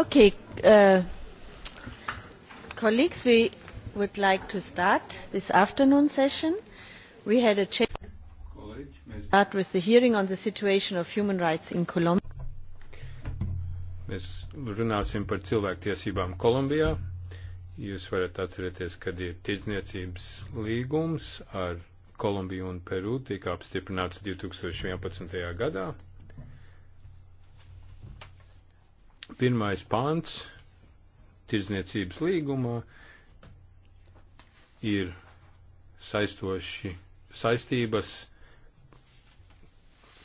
Okay, uh, colleagues, we would like to start this afternoon session. We had a change. Start with the hearing on the situation of human rights in Colombia. Mēs runāsim par cilvēktiesībām Kolumbijā. Jūs varat atcerēties, kad ir tirdzniecības līgums ar Kolumbiju un Peru tika apstiprināts 2011. gadā. Pirmais pants tirdzniecības līgumā ir saistoši saistības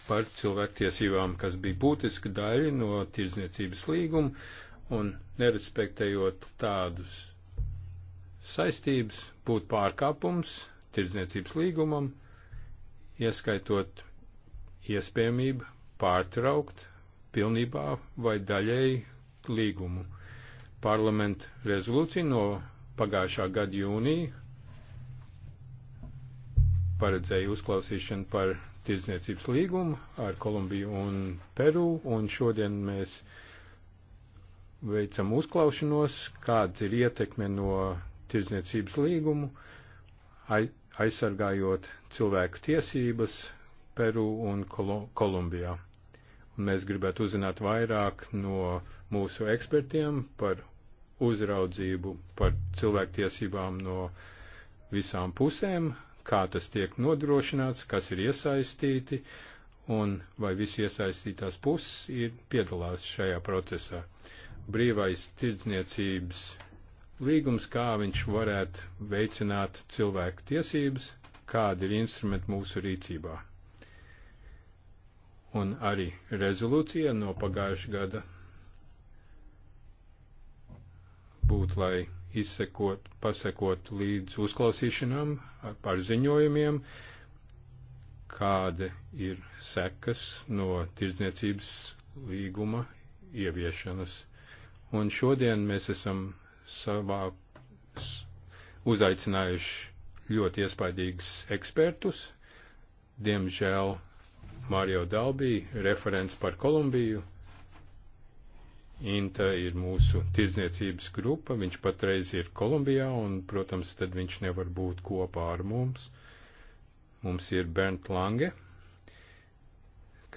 par cilvēktiesībām, kas bija būtiska daļa no tirdzniecības līguma, un nerespektējot tādus saistības, būtu pārkāpums tirdzniecības līgumam, ieskaitot iespējamību pārtraukt pilnībā vai daļēji līgumu. Parlamenta rezolūcija no pagājušā gada jūnija paredzēja uzklausīšanu par tirdzniecības līgumu ar Kolumbiju un Peru, un šodien mēs veicam uzklaušanos, kāds ir ietekme no tirdzniecības līgumu, aizsargājot cilvēku tiesības Peru un Kolumbijā. Mēs gribētu uzzināt vairāk no mūsu ekspertiem par uzraudzību, par cilvēktiesībām no visām pusēm, kā tas tiek nodrošināts, kas ir iesaistīti un vai visi iesaistītās puses ir piedalās šajā procesā. Brīvais tirdzniecības līgums, kā viņš varētu veicināt cilvēku tiesības, kādi ir instrumenti mūsu rīcībā un arī rezolūcija no pagājušā gada būtu, lai izsekot, pasekot līdz uzklausīšanām par ziņojumiem, kāda ir sekas no tirdzniecības līguma ieviešanas. Un šodien mēs esam savā uzaicinājuši ļoti iespaidīgus ekspertus. Diemžēl Mario Dalbī, referents par Kolumbiju. Inta ir mūsu tirdzniecības grupa, viņš patreiz ir Kolumbijā un, protams, tad viņš nevar būt kopā ar mums. Mums ir Bernt Lange,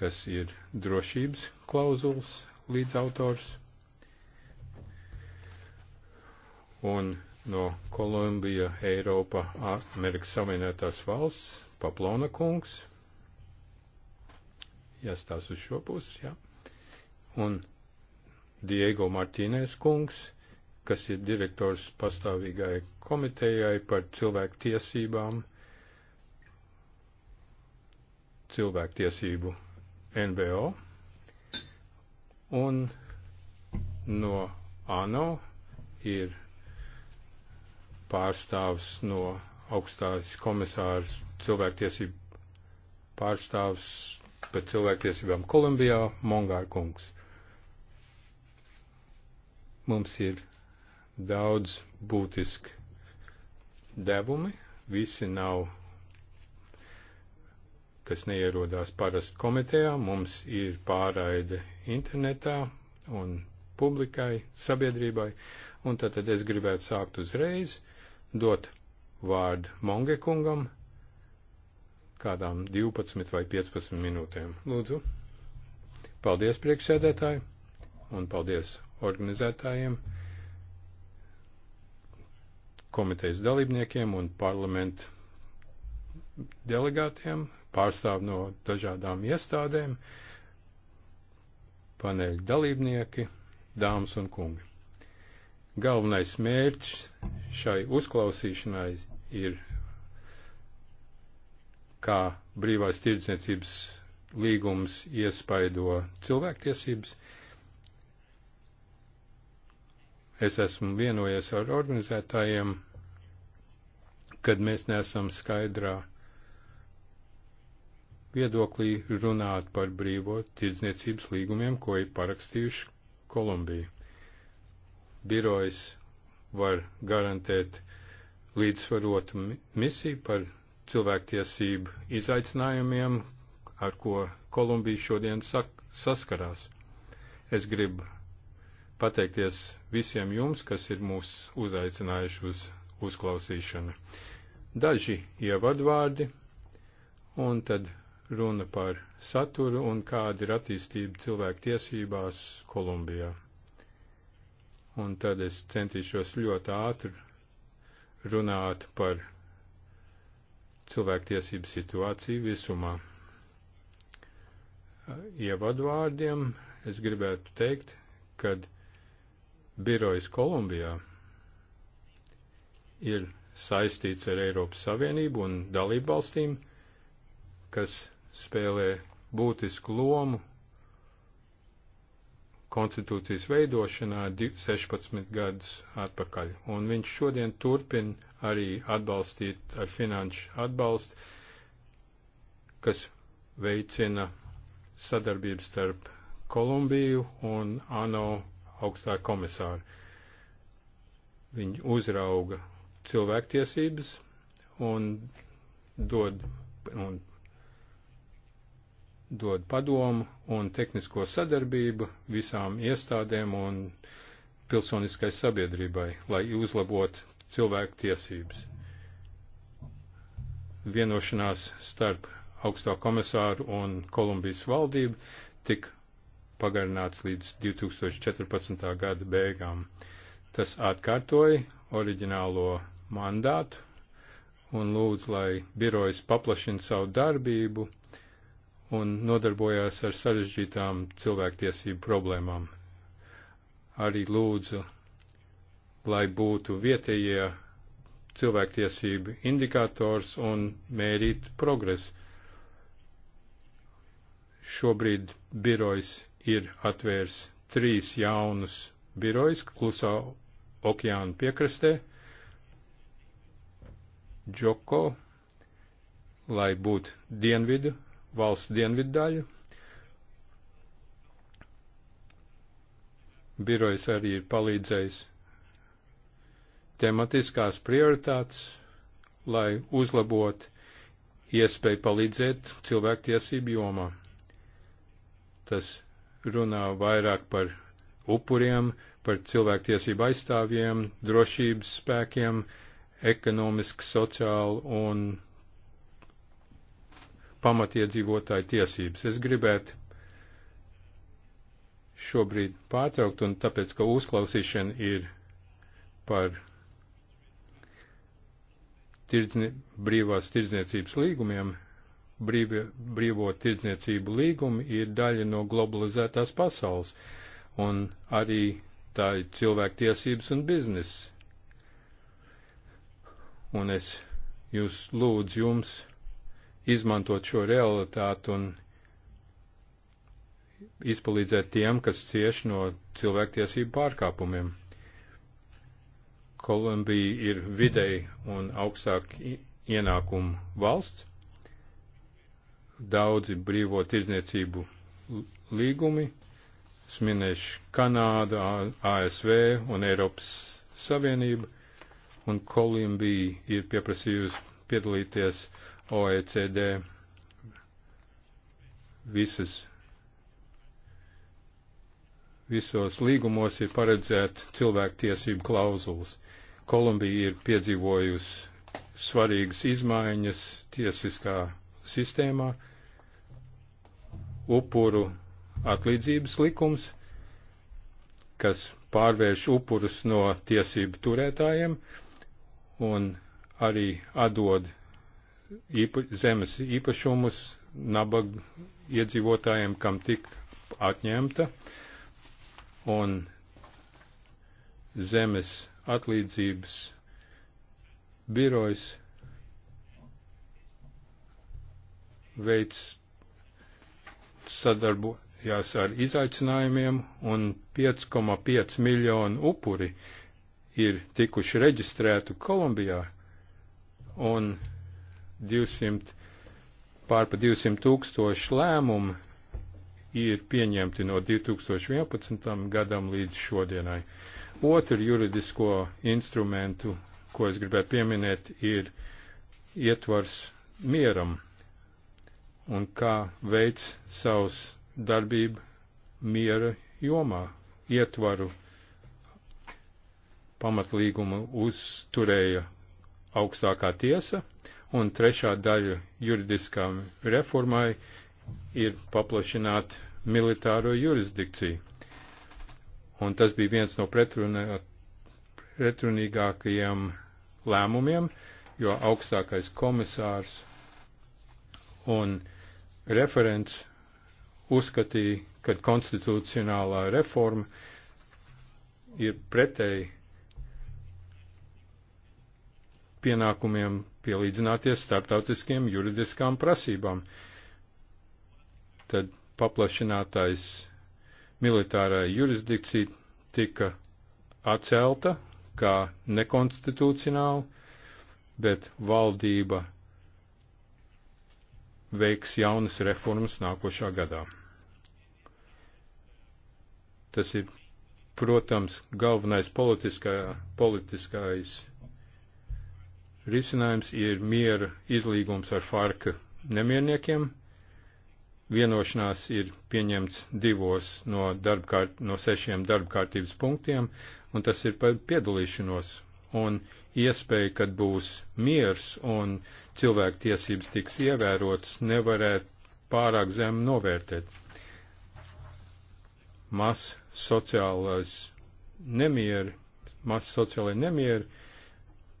kas ir drošības klauzulas līdzautors. Un no Kolumbija, Eiropa, Amerikas Savienotās valsts, Paplona kungs, jāstās uz šo pusi, jā. Un Diego Martīnēs kungs, kas ir direktors pastāvīgai komitejai par cilvēku tiesībām, cilvēku tiesību NBO, un no ANO ir pārstāvs no augstās komisārs cilvēktiesību pārstāvs par cilvēktiesībām Kolumbijā, Mongāra kungs. Mums ir daudz būtiski devumi, visi nav, kas neierodās parasti komitejā, mums ir pārraide internetā un publikai, sabiedrībai, un tad es gribētu sākt uzreiz dot vārdu Monge kungam, kādām 12 vai 15 minūtēm. Lūdzu, paldies priekšsēdētāji un paldies organizētājiem, komitejas dalībniekiem un parlamentu delegātiem, pārstāv no dažādām iestādēm, paneļu dalībnieki, dāmas un kungi. Galvenais mērķis šai uzklausīšanai ir kā brīvās tirdzniecības līgums iespaido cilvēktiesības. Es esmu vienojies ar organizētājiem, kad mēs nesam skaidrā viedoklī runāt par brīvo tirdzniecības līgumiem, ko ir parakstījuši Kolumbija. Birojas var garantēt līdzsvarotu misiju par cilvēktiesību izaicinājumiem, ar ko Kolumbija šodien sak, saskarās. Es gribu pateikties visiem jums, kas ir mūs uzaicinājuši uz uzklausīšanu. Daži ievadvārdi, un tad runa par saturu un kāda ir attīstība cilvēktiesībās Kolumbijā. Un tad es centīšos ļoti ātri runāt par cilvēktiesību situāciju visumā. Ievadvārdiem es gribētu teikt, kad birojas Kolumbijā ir saistīts ar Eiropas Savienību un dalībvalstīm, kas spēlē būtisku lomu konstitūcijas veidošanā 16 gadus atpakaļ, un viņš šodien turpin arī atbalstīt ar finanšu atbalstu, kas veicina sadarbību starp Kolumbiju un ANO augstā komisāru. Viņi uzrauga cilvēktiesības un dod un dod padomu un tehnisko sadarbību visām iestādēm un pilsoniskai sabiedrībai, lai uzlabot cilvēku tiesības. Vienošanās starp augstā komisāru un Kolumbijas valdību tik pagarināts līdz 2014. gada beigām. Tas atkārtoja oriģinālo mandātu un lūdz, lai birojas paplašina savu darbību un nodarbojās ar sarežģītām cilvēktiesību problēmām. Arī lūdzu, lai būtu vietējie cilvēktiesību indikators un mērīt progresu. Šobrīd birojs ir atvērs trīs jaunus birojus klusā okeāna piekrastē, Džoko, lai būtu dienvidu valsts dienvidu daļu. Birojs arī ir palīdzējis tematiskās prioritātes, lai uzlabotu iespēju palīdzēt cilvēktiesību jomā. Tas runā vairāk par upuriem, par cilvēktiesību aizstāvjiem, drošības spēkiem, ekonomisku, sociālu un pamatiedzīvotāju tiesības. Es gribētu šobrīd pārtraukt, un tāpēc, ka uzklausīšana ir par tirdznie, brīvās tirdzniecības līgumiem, brīvi, brīvo tirdzniecību līgumi ir daļa no globalizētās pasaules, un arī tā ir cilvēku tiesības un bizness. Un es jūs lūdzu jums izmantot šo realitāti un izpalīdzēt tiem, kas cieši no cilvēktiesību pārkāpumiem. Kolumbija ir videi un augstāk ienākumu valsts, daudzi brīvo tirzniecību līgumi, es minēšu Kanādu, ASV un Eiropas Savienību, un Kolumbija ir pieprasījusi piedalīties OECD visas, visos līgumos ir paredzēta cilvēktiesību klauzulas. Kolumbija ir piedzīvojusi svarīgas izmaiņas tiesiskā sistēmā, upuru atlīdzības likums, kas pārvērš upurus no tiesību turētājiem un arī atdod īpa, zemes īpašumus nabag iedzīvotājiem, kam tik atņemta, un zemes atlīdzības birojs veids sadarbojās ar izaicinājumiem, un 5,5 miljonu upuri ir tikuši reģistrētu Kolumbijā, un 200, pār pa 200 tūkstoši lēmumu ir pieņemti no 2011. gadam līdz šodienai. Otru juridisko instrumentu, ko es gribētu pieminēt, ir ietvars mieram un kā veids savus darbību miera jomā, ietvaru pamatlīgumu uzturēja augstākā tiesa un trešā daļa juridiskām reformai ir paplašināt militāro jurisdikciju. Un tas bija viens no pretrunā, pretrunīgākajiem lēmumiem, jo augstākais komisārs un referents uzskatīja, ka konstitucionālā reforma ir pretēji pienākumiem pielīdzināties starptautiskiem juridiskām prasībām. Tad paplašinātais militārā jurisdikcija tika atcelta kā nekonstitucionāla, bet valdība veiks jaunas reformas nākošā gadā. Tas ir, protams, galvenais politiskā, politiskais Risinājums ir miera izlīgums ar farka nemierniekiem. Vienošanās ir pieņemts divos no, darbkārt, no sešiem darbkārtības punktiem, un tas ir par piedalīšanos un iespēja, kad būs miers un cilvēku tiesības tiks ievērotas, nevarēt pārāk zem novērtēt. Mas sociālais nemieri, mas sociālai nemieri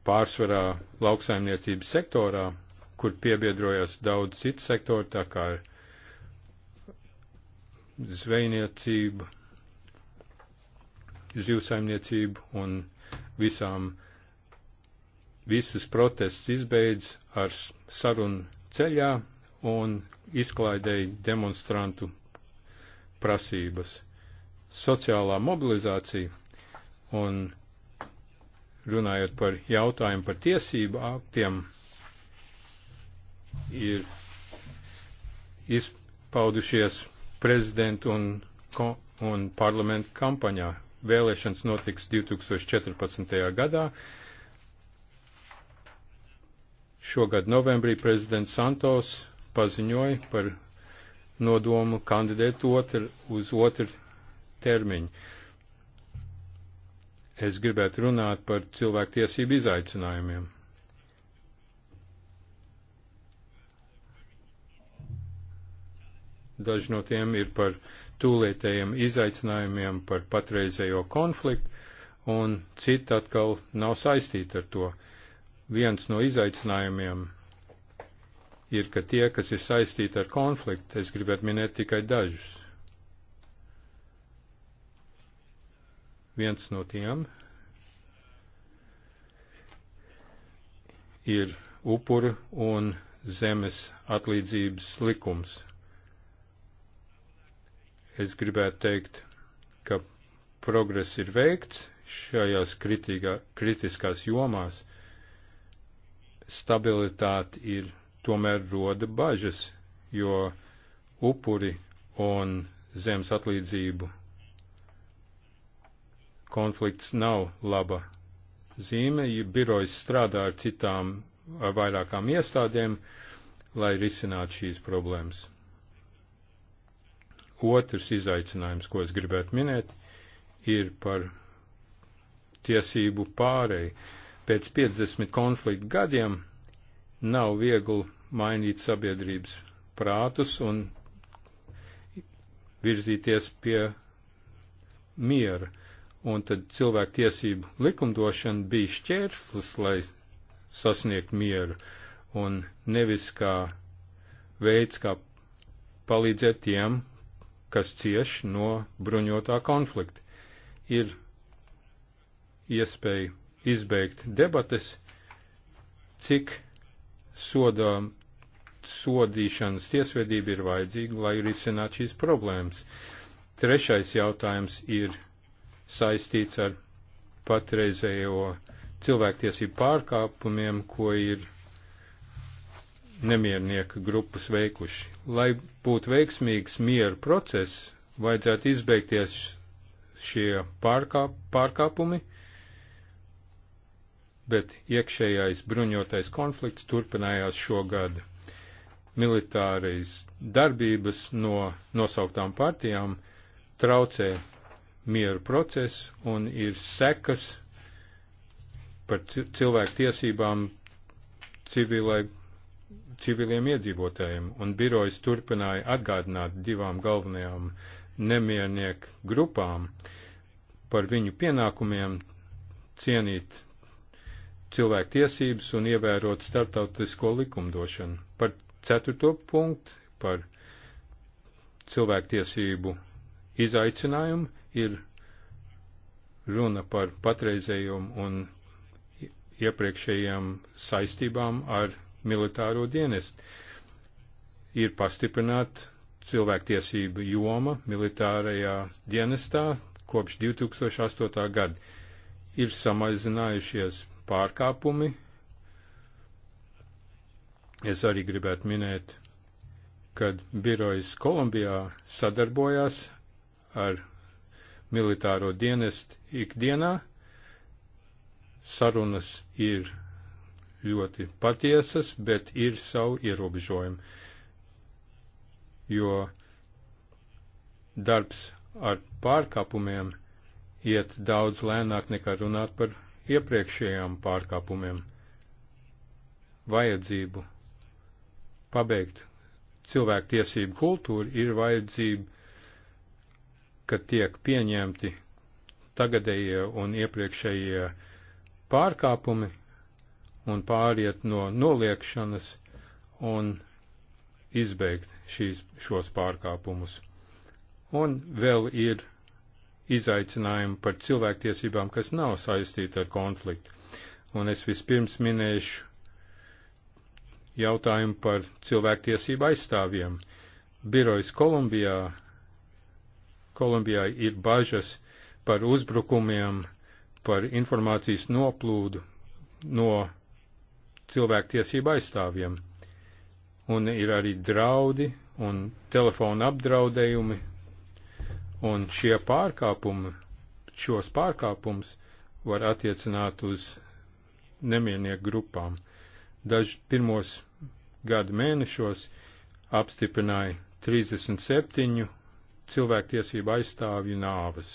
pārsvarā lauksaimniecības sektorā, kur piebiedrojas daudz citu sektoru, tā kā ir zvejniecība, zivsaimniecība un visām, visas protests izbeidz ar sarunu ceļā un izklaidēja demonstrantu prasības. Sociālā mobilizācija un runājot par jautājumu par tiesību aktiem, ir izpaudušies prezidentu un, un parlamentu kampaņā. Vēlēšanas notiks 2014. gadā. Šogad novembrī prezidents Santos paziņoja par nodomu kandidēt otru uz otru termiņu es gribētu runāt par cilvēku tiesību izaicinājumiem. Daži no tiem ir par tūlītējiem izaicinājumiem, par patreizējo konfliktu, un citi atkal nav saistīti ar to. Viens no izaicinājumiem ir, ka tie, kas ir saistīti ar konfliktu, es gribētu minēt tikai dažus. Viens no tiem ir upuru un zemes atlīdzības likums. Es gribētu teikt, ka progress ir veikts šajās kritīgā, kritiskās jomās. Stabilitāte ir tomēr roda bažas, jo upuri un zemes atlīdzību konflikts nav laba zīme, ja birojas strādā ar citām, ar vairākām iestādēm, lai risinātu šīs problēmas. Otrs izaicinājums, ko es gribētu minēt, ir par tiesību pārēju. Pēc 50 konfliktu gadiem nav viegli mainīt sabiedrības prātus un virzīties pie miera un tad cilvēku tiesību likumdošana bija šķērslis, lai sasniegtu mieru, un nevis kā veids, kā palīdzēt tiem, kas cieš no bruņotā konflikta. Ir iespēja izbeigt debates, cik sodā, sodīšanas tiesvedība ir vajadzīga, lai risinātu šīs problēmas. Trešais jautājums ir saistīts ar patreizējo cilvēktiesību pārkāpumiem, ko ir nemiernieku grupas veikuši. Lai būtu veiksmīgs mieru process, vajadzētu izbeigties šie pārkāp, pārkāpumi, bet iekšējais bruņotais konflikts turpinājās šogad. Militārais darbības no nosauktām partijām traucē mieru process un ir sekas par cilvēku tiesībām civilai, civiliem iedzīvotājiem, un birojas turpināja atgādināt divām galvenajām nemiernieku grupām par viņu pienākumiem cienīt cilvēku tiesības un ievērot startautisko likumdošanu. Par ceturto punktu, par cilvēktiesību izaicinājumu, ir runa par patreizējiem un iepriekšējiem saistībām ar militāro dienestu. Ir pastiprināta cilvēktiesība joma militārajā dienestā kopš 2008. gada. Ir samazinājušies pārkāpumi. Es arī gribētu minēt, kad birojas Kolumbijā sadarbojās ar militāro dienestu ikdienā. Sarunas ir ļoti patiesas, bet ir savu ierobežojumu, jo darbs ar pārkāpumiem iet daudz lēnāk nekā runāt par iepriekšējām pārkāpumiem. Vajadzību pabeigt cilvēku tiesību kultūru ir vajadzība ka tiek pieņemti tagadējie un iepriekšējie pārkāpumi un pāriet no noliekšanas un izbeigt šīs, šos pārkāpumus. Un vēl ir izaicinājumi par cilvēktiesībām, kas nav saistīti ar konfliktu. Un es vispirms minēšu jautājumu par cilvēktiesību aizstāvjiem. Birojas Kolumbijā Kolumbijai ir bažas par uzbrukumiem, par informācijas noplūdu no cilvēktiesību aizstāvjiem. Un ir arī draudi un telefona apdraudējumi, un šie pārkāpumi, šos pārkāpumus var attiecināt uz nemiernieku grupām. Daži pirmos gadu mēnešos apstiprināja 37 cilvēktiesību aizstāvju nāves.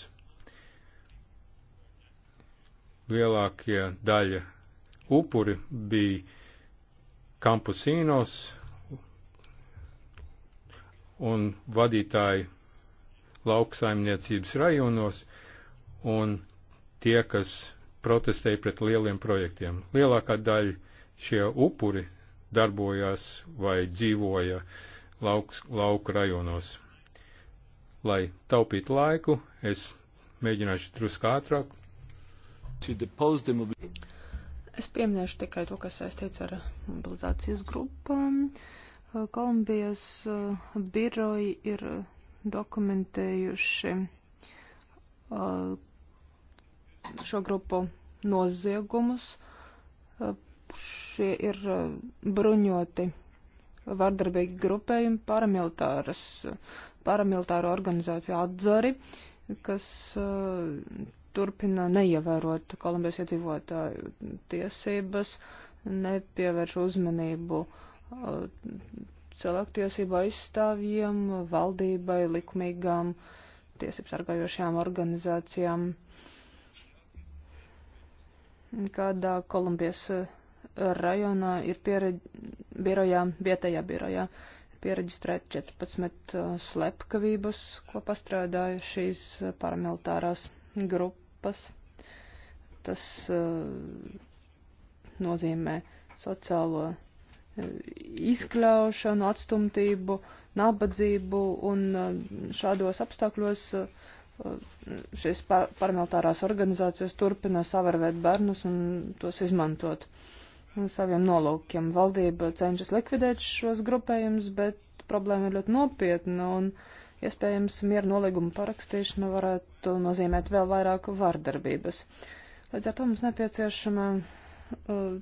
Lielākie daļa upuri bija kampusīnos un vadītāji lauksaimniecības rajonos un tie, kas protestēja pret lieliem projektiem. Lielākā daļa šie upuri darbojās vai dzīvoja lauks, lauku rajonos. Lai taupītu laiku, es mēģināšu drusku ātrāk. Es pieminēšu tikai to, kas saistīts ar mobilizācijas grupām. Kolumbijas uh, biroji ir dokumentējuši uh, šo grupu noziegumus. Uh, šie ir bruņoti vardarbīgi grupējumi, paramilitāras paramilitāro organizāciju atzari, kas uh, turpina neievērot Kolumbijas iedzīvotāju tiesības, nepievērš uzmanību uh, cilvēktiesību aizstāvjiem, valdībai, likumīgām tiesības sargājošajām organizācijām. Kādā Kolumbijas uh, rajonā ir pieredze birojā, vietējā birojā pieregistrēt 14 uh, slepkavības, ko pastrādāja šīs paramilitārās grupas. Tas uh, nozīmē sociālo uh, izkļaušanu, atstumtību, nabadzību un šādos apstākļos šīs paramilitārās organizācijas turpina savarvēt bērnus un tos izmantot. Uh, saviem nolūkiem. Valdība cenšas likvidēt šos grupējumus, bet problēma ir ļoti nopietna un iespējams miera nolīguma parakstīšana varētu nozīmēt vēl vairāk vardarbības. Līdz ar to mums nepieciešama uh,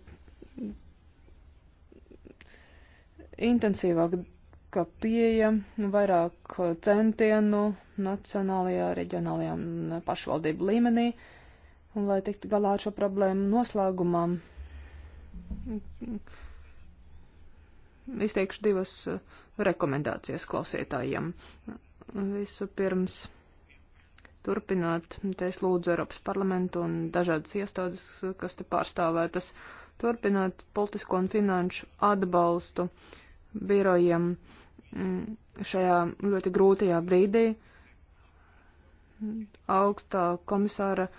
intensīvāka pieeja, vairāk centienu nacionālajā, reģionālajā un pašvaldību līmenī, un lai tiktu galā ar šo problēmu noslēgumam izteikšu divas uh, rekomendācijas klausītājiem. Visu pirms turpināt, te es lūdzu Eiropas parlamentu un dažādas iestādes, kas te pārstāvētas, turpināt politisko un finanšu atbalstu birojiem mm, šajā ļoti grūtajā brīdī. Augstā komisāra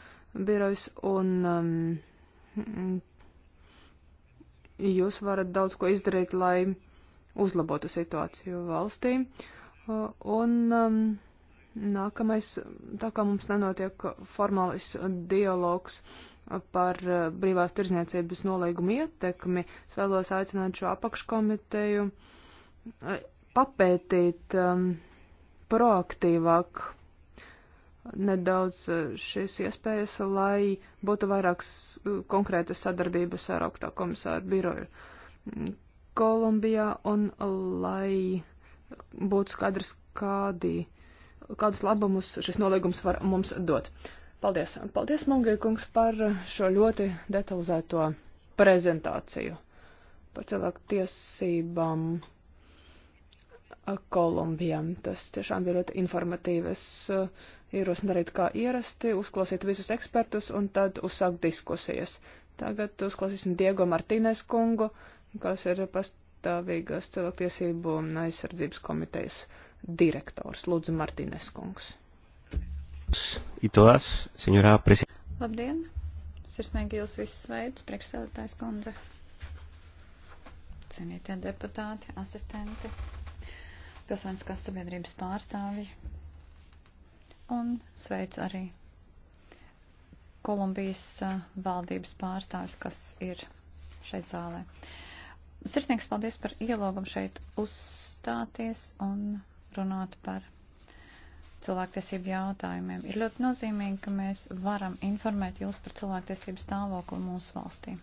birojas un um, jūs varat daudz ko izdarīt, lai uzlabotu situāciju valstī. Un um, nākamais, tā kā mums nenotiek formālis dialogs par uh, brīvās tirzniecības nolīgumu ietekmi, es vēlos aicināt šo apakškomiteju uh, papētīt um, proaktīvāk nedaudz eh, šīs iespējas, lai būtu vairāk eh, konkrētas sadarbības ar augstā komisāru biroju mm, Kolumbijā un lai būtu skaidrs, kādi, kādus labumus šis nolīgums var mums dot. Paldies! Paldies, Mungai kungs, par šo ļoti detalizēto prezentāciju par cilvēku tiesībām. Eh, Kolumbijam. Tas tiešām bija ļoti informatīvs. Uh, ierosinu darīt kā ierasti, uzklausīt visus ekspertus un tad uzsākt diskusijas. Tagad uzklausīsim Diego Martīnes kungu, kas ir pastāvīgās cilvēktiesību un aizsardzības komitejas direktors. Lūdzu, Martīnes kungs. Itolās, senjorā prezidents. Labdien! Sirsnīgi jūs visus sveicu, priekšsēdētājs kundze. Cienītie deputāti, asistenti, pilsoniskās sabiedrības pārstāvji, un sveicu arī Kolumbijas valdības pārstāvis, kas ir šeit zālē. Sirsnīgs paldies par ielogumu šeit uzstāties un runāt par cilvēktiesību jautājumiem. Ir ļoti nozīmīgi, ka mēs varam informēt jūs par cilvēktiesību stāvokli mūsu valstī.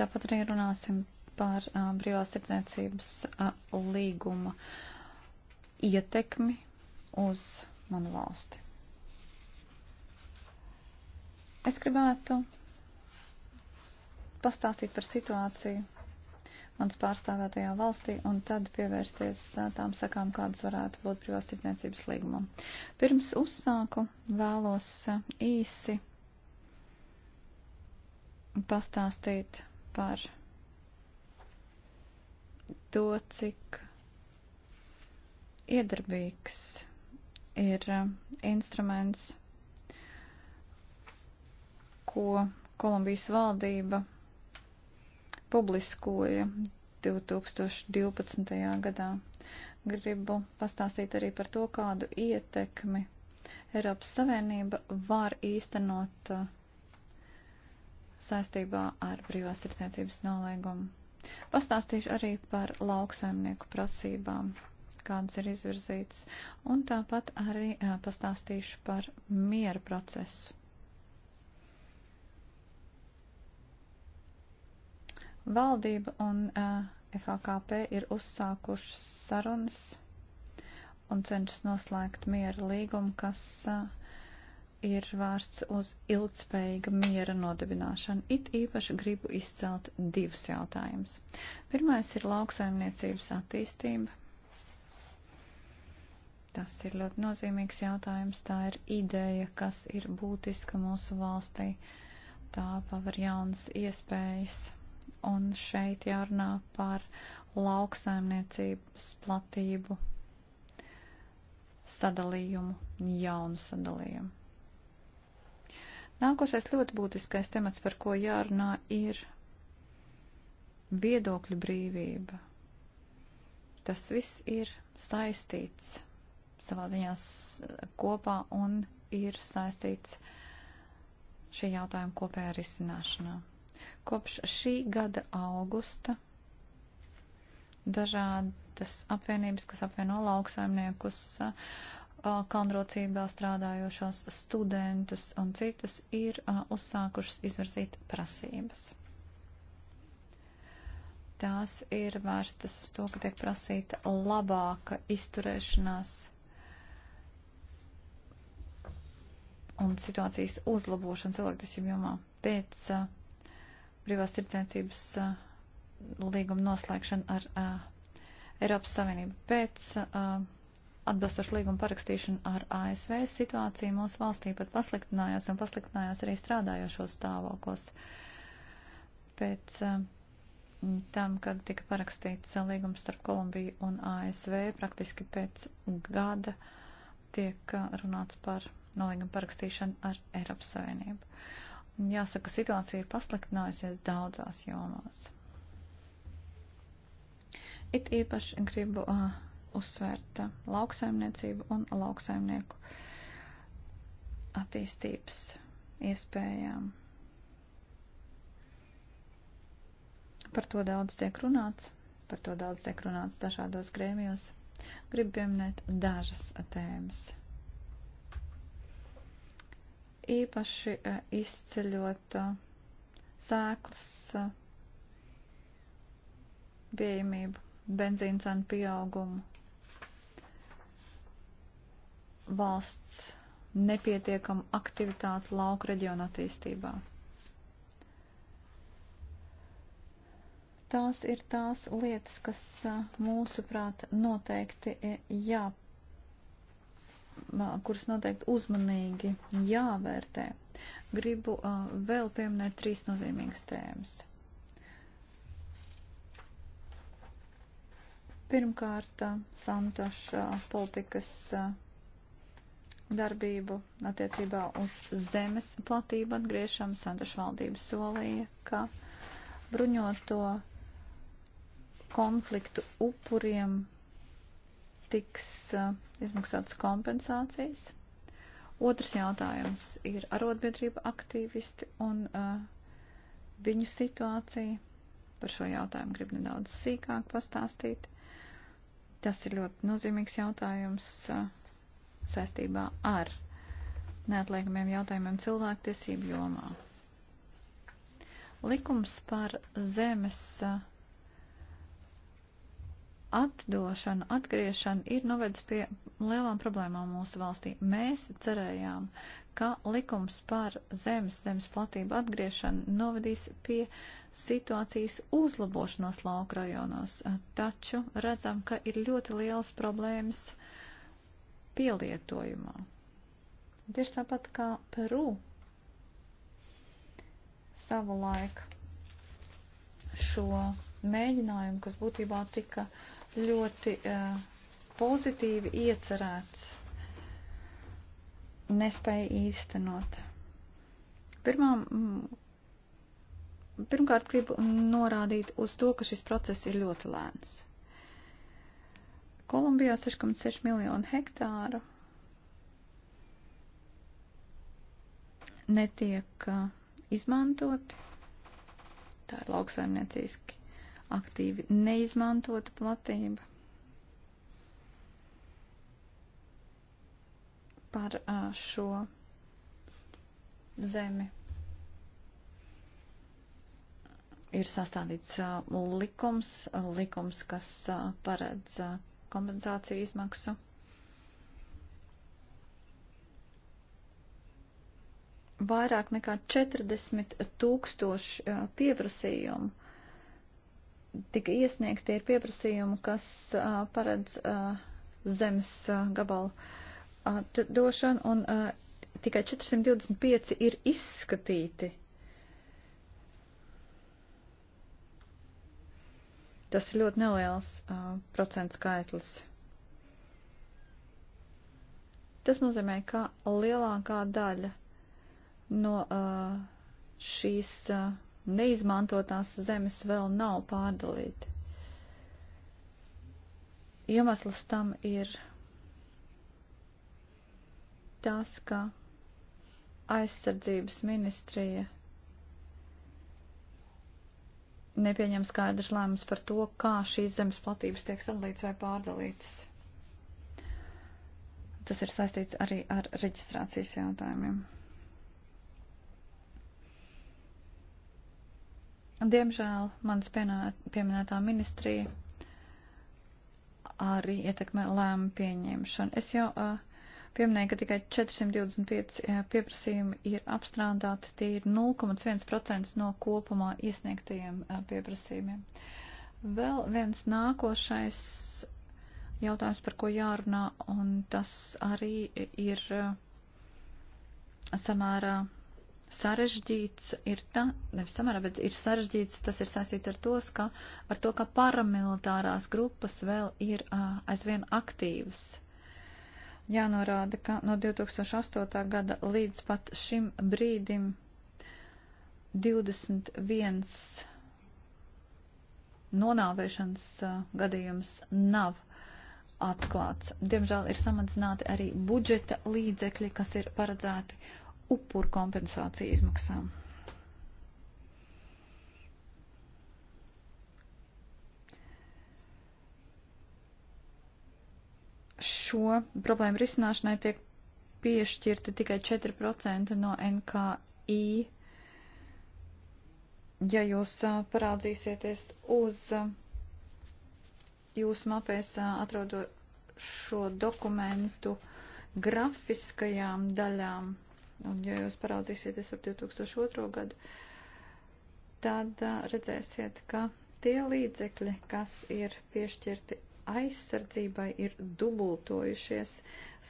Tāpat arī runāsim par uh, brīvās tirdzniecības uh, līguma uh, ietekmi uz manu valsti. Es gribētu pastāstīt par situāciju manas pārstāvētajā valstī un tad pievērsties tām sakām, kādas varētu būt privās tirdzniecības līgumam. Pirms uzsāku vēlos īsi pastāstīt par to, cik iedarbīgs ir eh, instruments, ko Kolumbijas valdība publiskoja 2012. gadā. Gribu pastāstīt arī par to, kādu ietekmi Eiropas Savienība var īstenot eh, saistībā ar brīvās tirdzniecības nolīgumu. Pastāstīšu arī par lauksaimnieku prasībām kādas ir izvirzītas, un tāpat arī pastāstīšu par miera procesu. Valdība un FAKP ir uzsākušas sarunas un cenšas noslēgt miera līgumu, kas ir vērsts uz ilgspējīga miera nodibināšanu. It īpaši gribu izcelt divus jautājumus. Pirmais ir lauksaimniecības attīstība. Tas ir ļoti nozīmīgs jautājums. Tā ir ideja, kas ir būtiska mūsu valstī. Tā paver jaunas iespējas. Un šeit jārunā par lauksaimniecības platību sadalījumu, jaunu sadalījumu. Nākošais ļoti būtiskais temats, par ko jārunā, ir viedokļu brīvība. Tas viss ir saistīts savā ziņā kopā un ir saistīts šī jautājuma kopējā risināšanā. Kopš šī gada augusta dažādas apvienības, kas apvieno lauksaimniekus, kalnrocībā strādājošos studentus un citus, ir uzsākušas izvirzīt prasības. Tās ir vērstas uz to, ka tiek prasīta labāka izturēšanās un situācijas uzlabošana cilvēktiesību jomā pēc uh, privās tirdzniecības uh, līguma noslēgšana ar uh, Eiropas Savienību. Pēc uh, atbilstošu līgumu parakstīšanu ar ASV situācija mūsu valstī pat pasliktinājās un pasliktinājās arī strādājošos stāvoklis. Pēc uh, tam, kad tika parakstīts uh, līgums starp Kolumbiju un ASV, praktiski pēc gada tiek uh, runāts par nolīguma parakstīšanu ar Eiropas Savienību. Jāsaka, situācija ir pasliktinājusies daudzās jomās. It īpaši gribu uh, uzsvērt uh, lauksaimniecību un lauksaimnieku attīstības iespējām. Par to daudz tiek runāts, par to daudz tiek runāts dažādos grēmijos. Gribu pieminēt dažas tēmas īpaši eh, izceļot eh, sēklas eh, pieejamību, benzīna cenu pieaugumu, valsts nepietiekamu aktivitātu lauku reģionu attīstībā. Tās ir tās lietas, kas mūsuprāt noteikti jāpārādās kuras noteikti uzmanīgi jāvērtē, gribu vēl pieminēt trīs nozīmīgas tēmas. Pirmkārt, Santoša politikas darbību attiecībā uz zemes platību atgriešam. Santoša valdība solīja, ka bruņoto konfliktu upuriem tiks eh, izmaksātas kompensācijas. Otrs jautājums ir arotbiedrība aktīvisti un uh, viņu situācija. Par šo jautājumu gribu nedaudz sīkāk pastāstīt. Tas ir ļoti nozīmīgs jautājums uh, saistībā ar neatliekamiem jautājumiem cilvēktiesību jomā. Likums par zemes uh, atdošana, atgriešana ir novedis pie lielām problēmām mūsu valstī. Mēs cerējām, ka likums par zemes, zemes platību atgriešanu novedīs pie situācijas uzlabošanos lauku rajonos, taču redzam, ka ir ļoti liels problēmas pielietojumā. Tieši tāpat kā Peru savu laiku šo mēģinājumu, kas būtībā tika uh, ļoti uh, pozitīvi iecerēts, nespēja īstenot. Pirmām, mm, pirmkārt, gribu norādīt uz to, ka šis process ir ļoti lēns. Kolumbijā 6,6 miljonu hektāru netiek eh, izmantoti. Tā ir lauksaimnieciski aktīvi neizmantota platība. Par šo zemi ir sastādīts likums, likums, kas paredz kompensāciju izmaksu. Vairāk nekā 40 tūkstoši pieprasījumu tika iesniegti ir pieprasījumi, kas uh, paredz uh, zemes uh, gabalu atdošanu, un uh, tikai 425 ir izskatīti. Tas ir ļoti neliels uh, procents skaitlis. Tas nozīmē, ka lielākā daļa no uh, šīs. Uh, neizmantotās zemes vēl nav pārdalīti. Iemesls tam ir tas, ka aizsardzības ministrija nepieņem skaidrs lēmums par to, kā šīs zemes platības tiek sadalītas vai pārdalītas. Tas ir saistīts arī ar reģistrācijas jautājumiem. Diemžēl manas pieminētā ministrija arī ietekmē lēmu pieņemšanu. Es jau uh, pieminēja, ka tikai 425 pieprasījumi ir apstrādāti, tie ir 0,1% no kopumā iesniegtajiem pieprasījumiem. Vēl viens nākošais jautājums, par ko jārunā, un tas arī ir samērā sarežģīts ir ta, nevis samērā, bet ir sarežģīts, tas ir saistīts ar, tos, ka, ar to, ka paramilitārās grupas vēl ir uh, aizvien aktīvas. Jānorāda, ka no 2008. gada līdz pat šim brīdim 21 nonāvēšanas uh, gadījums nav atklāts. Diemžēl ir samazināti arī budžeta līdzekļi, kas ir paredzēti upuru kompensāciju izmaksām. Šo problēmu risināšanai tiek piešķirta tikai 4% no NKI. Ja jūs parādzīsieties uz jūsu mapēs atrodot šo dokumentu grafiskajām daļām, Un, ja jūs paraudzīsieties ar 2002. gadu, tad redzēsiet, ka tie līdzekļi, kas ir piešķirti aizsardzībai, ir dubultojušies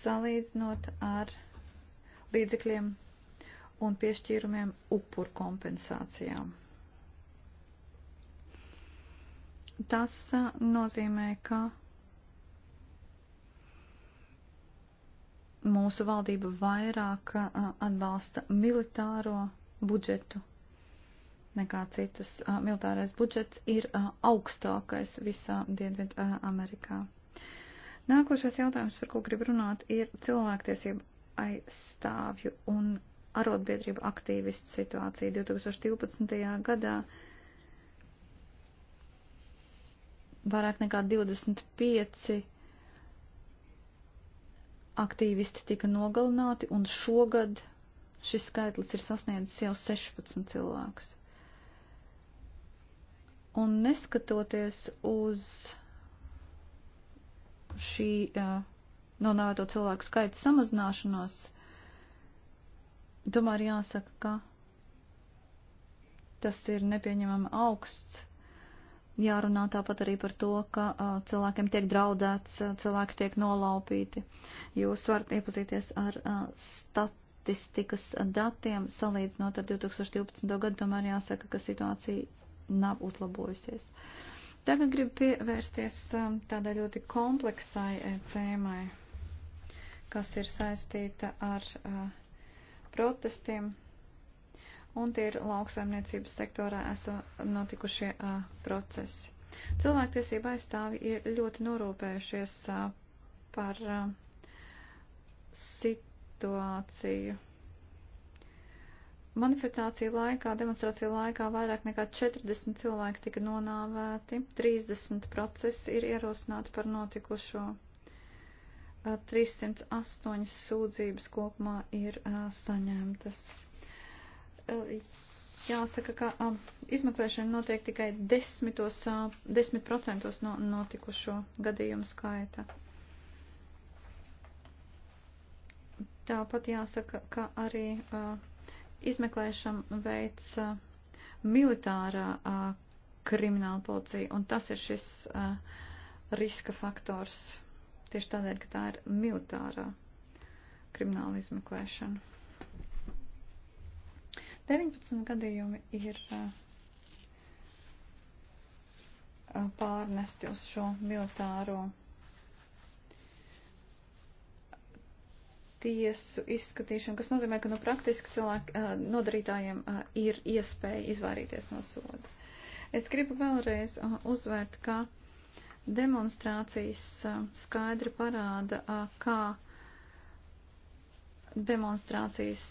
salīdzinot ar līdzekļiem un piešķīrumiem upur kompensācijām. Tas nozīmē, ka mūsu valdība vairāk atbalsta militāro budžetu nekā citus. Militārais budžets ir augstākais visā Dienvidu Amerikā. Nākošais jautājums, par ko grib runāt, ir cilvēktiesību aizstāvju un arotbiedrību aktīvistu situācija 2012. gadā. Vairāk nekā 25 aktīvisti tika nogalināti, un šogad šis skaitlis ir sasniedzis jau 16 cilvēkus. Un neskatoties uz šī uh, nonāvēto cilvēku skaita samazināšanos, domāju, jāsaka, ka tas ir nepieņemami augsts Jārunā tāpat arī par to, ka uh, cilvēkiem tiek draudēts, uh, cilvēki tiek nolaupīti. Jūs varat iepazīties ar uh, statistikas datiem, salīdzinot ar 2012. gadu, tomēr jāsaka, ka situācija nav uzlabojusies. Tagad gribu pievērsties um, tādai ļoti kompleksai tēmai, kas ir saistīta ar uh, protestiem, un tie ir lauksaimniecības sektorā esam notikušie a, procesi. Cilvēktiesība aizstāvi ir ļoti norūpējušies a, par a, situāciju. Manifestācija laikā, demonstrācija laikā vairāk nekā 40 cilvēki tika nonāvēti, 30 procesi ir ierosināti par notikušo. 308 sūdzības kopumā ir saņemtas. Eh, jāsaka, ka um, izmeklēšana notiek tikai desmitos, uh, desmit procentos no notikušo gadījumu skaita. Tāpat jāsaka, ka arī uh, izmeklēšana veids uh, militārā uh, krimināla policija, un tas ir šis uh, riska faktors tieši tādēļ, ka tā ir militārā krimināla izmeklēšana. 19 gadījumi ir eh, pārnesti uz šo militāro tiesu izskatīšanu, kas nozīmē, ka nu, praktiski cilvēki eh, nodarītājiem eh, ir iespēja izvairīties no soda. Es gribu vēlreiz uzvērt, ka demonstrācijas skaidri parāda, kā demonstrācijas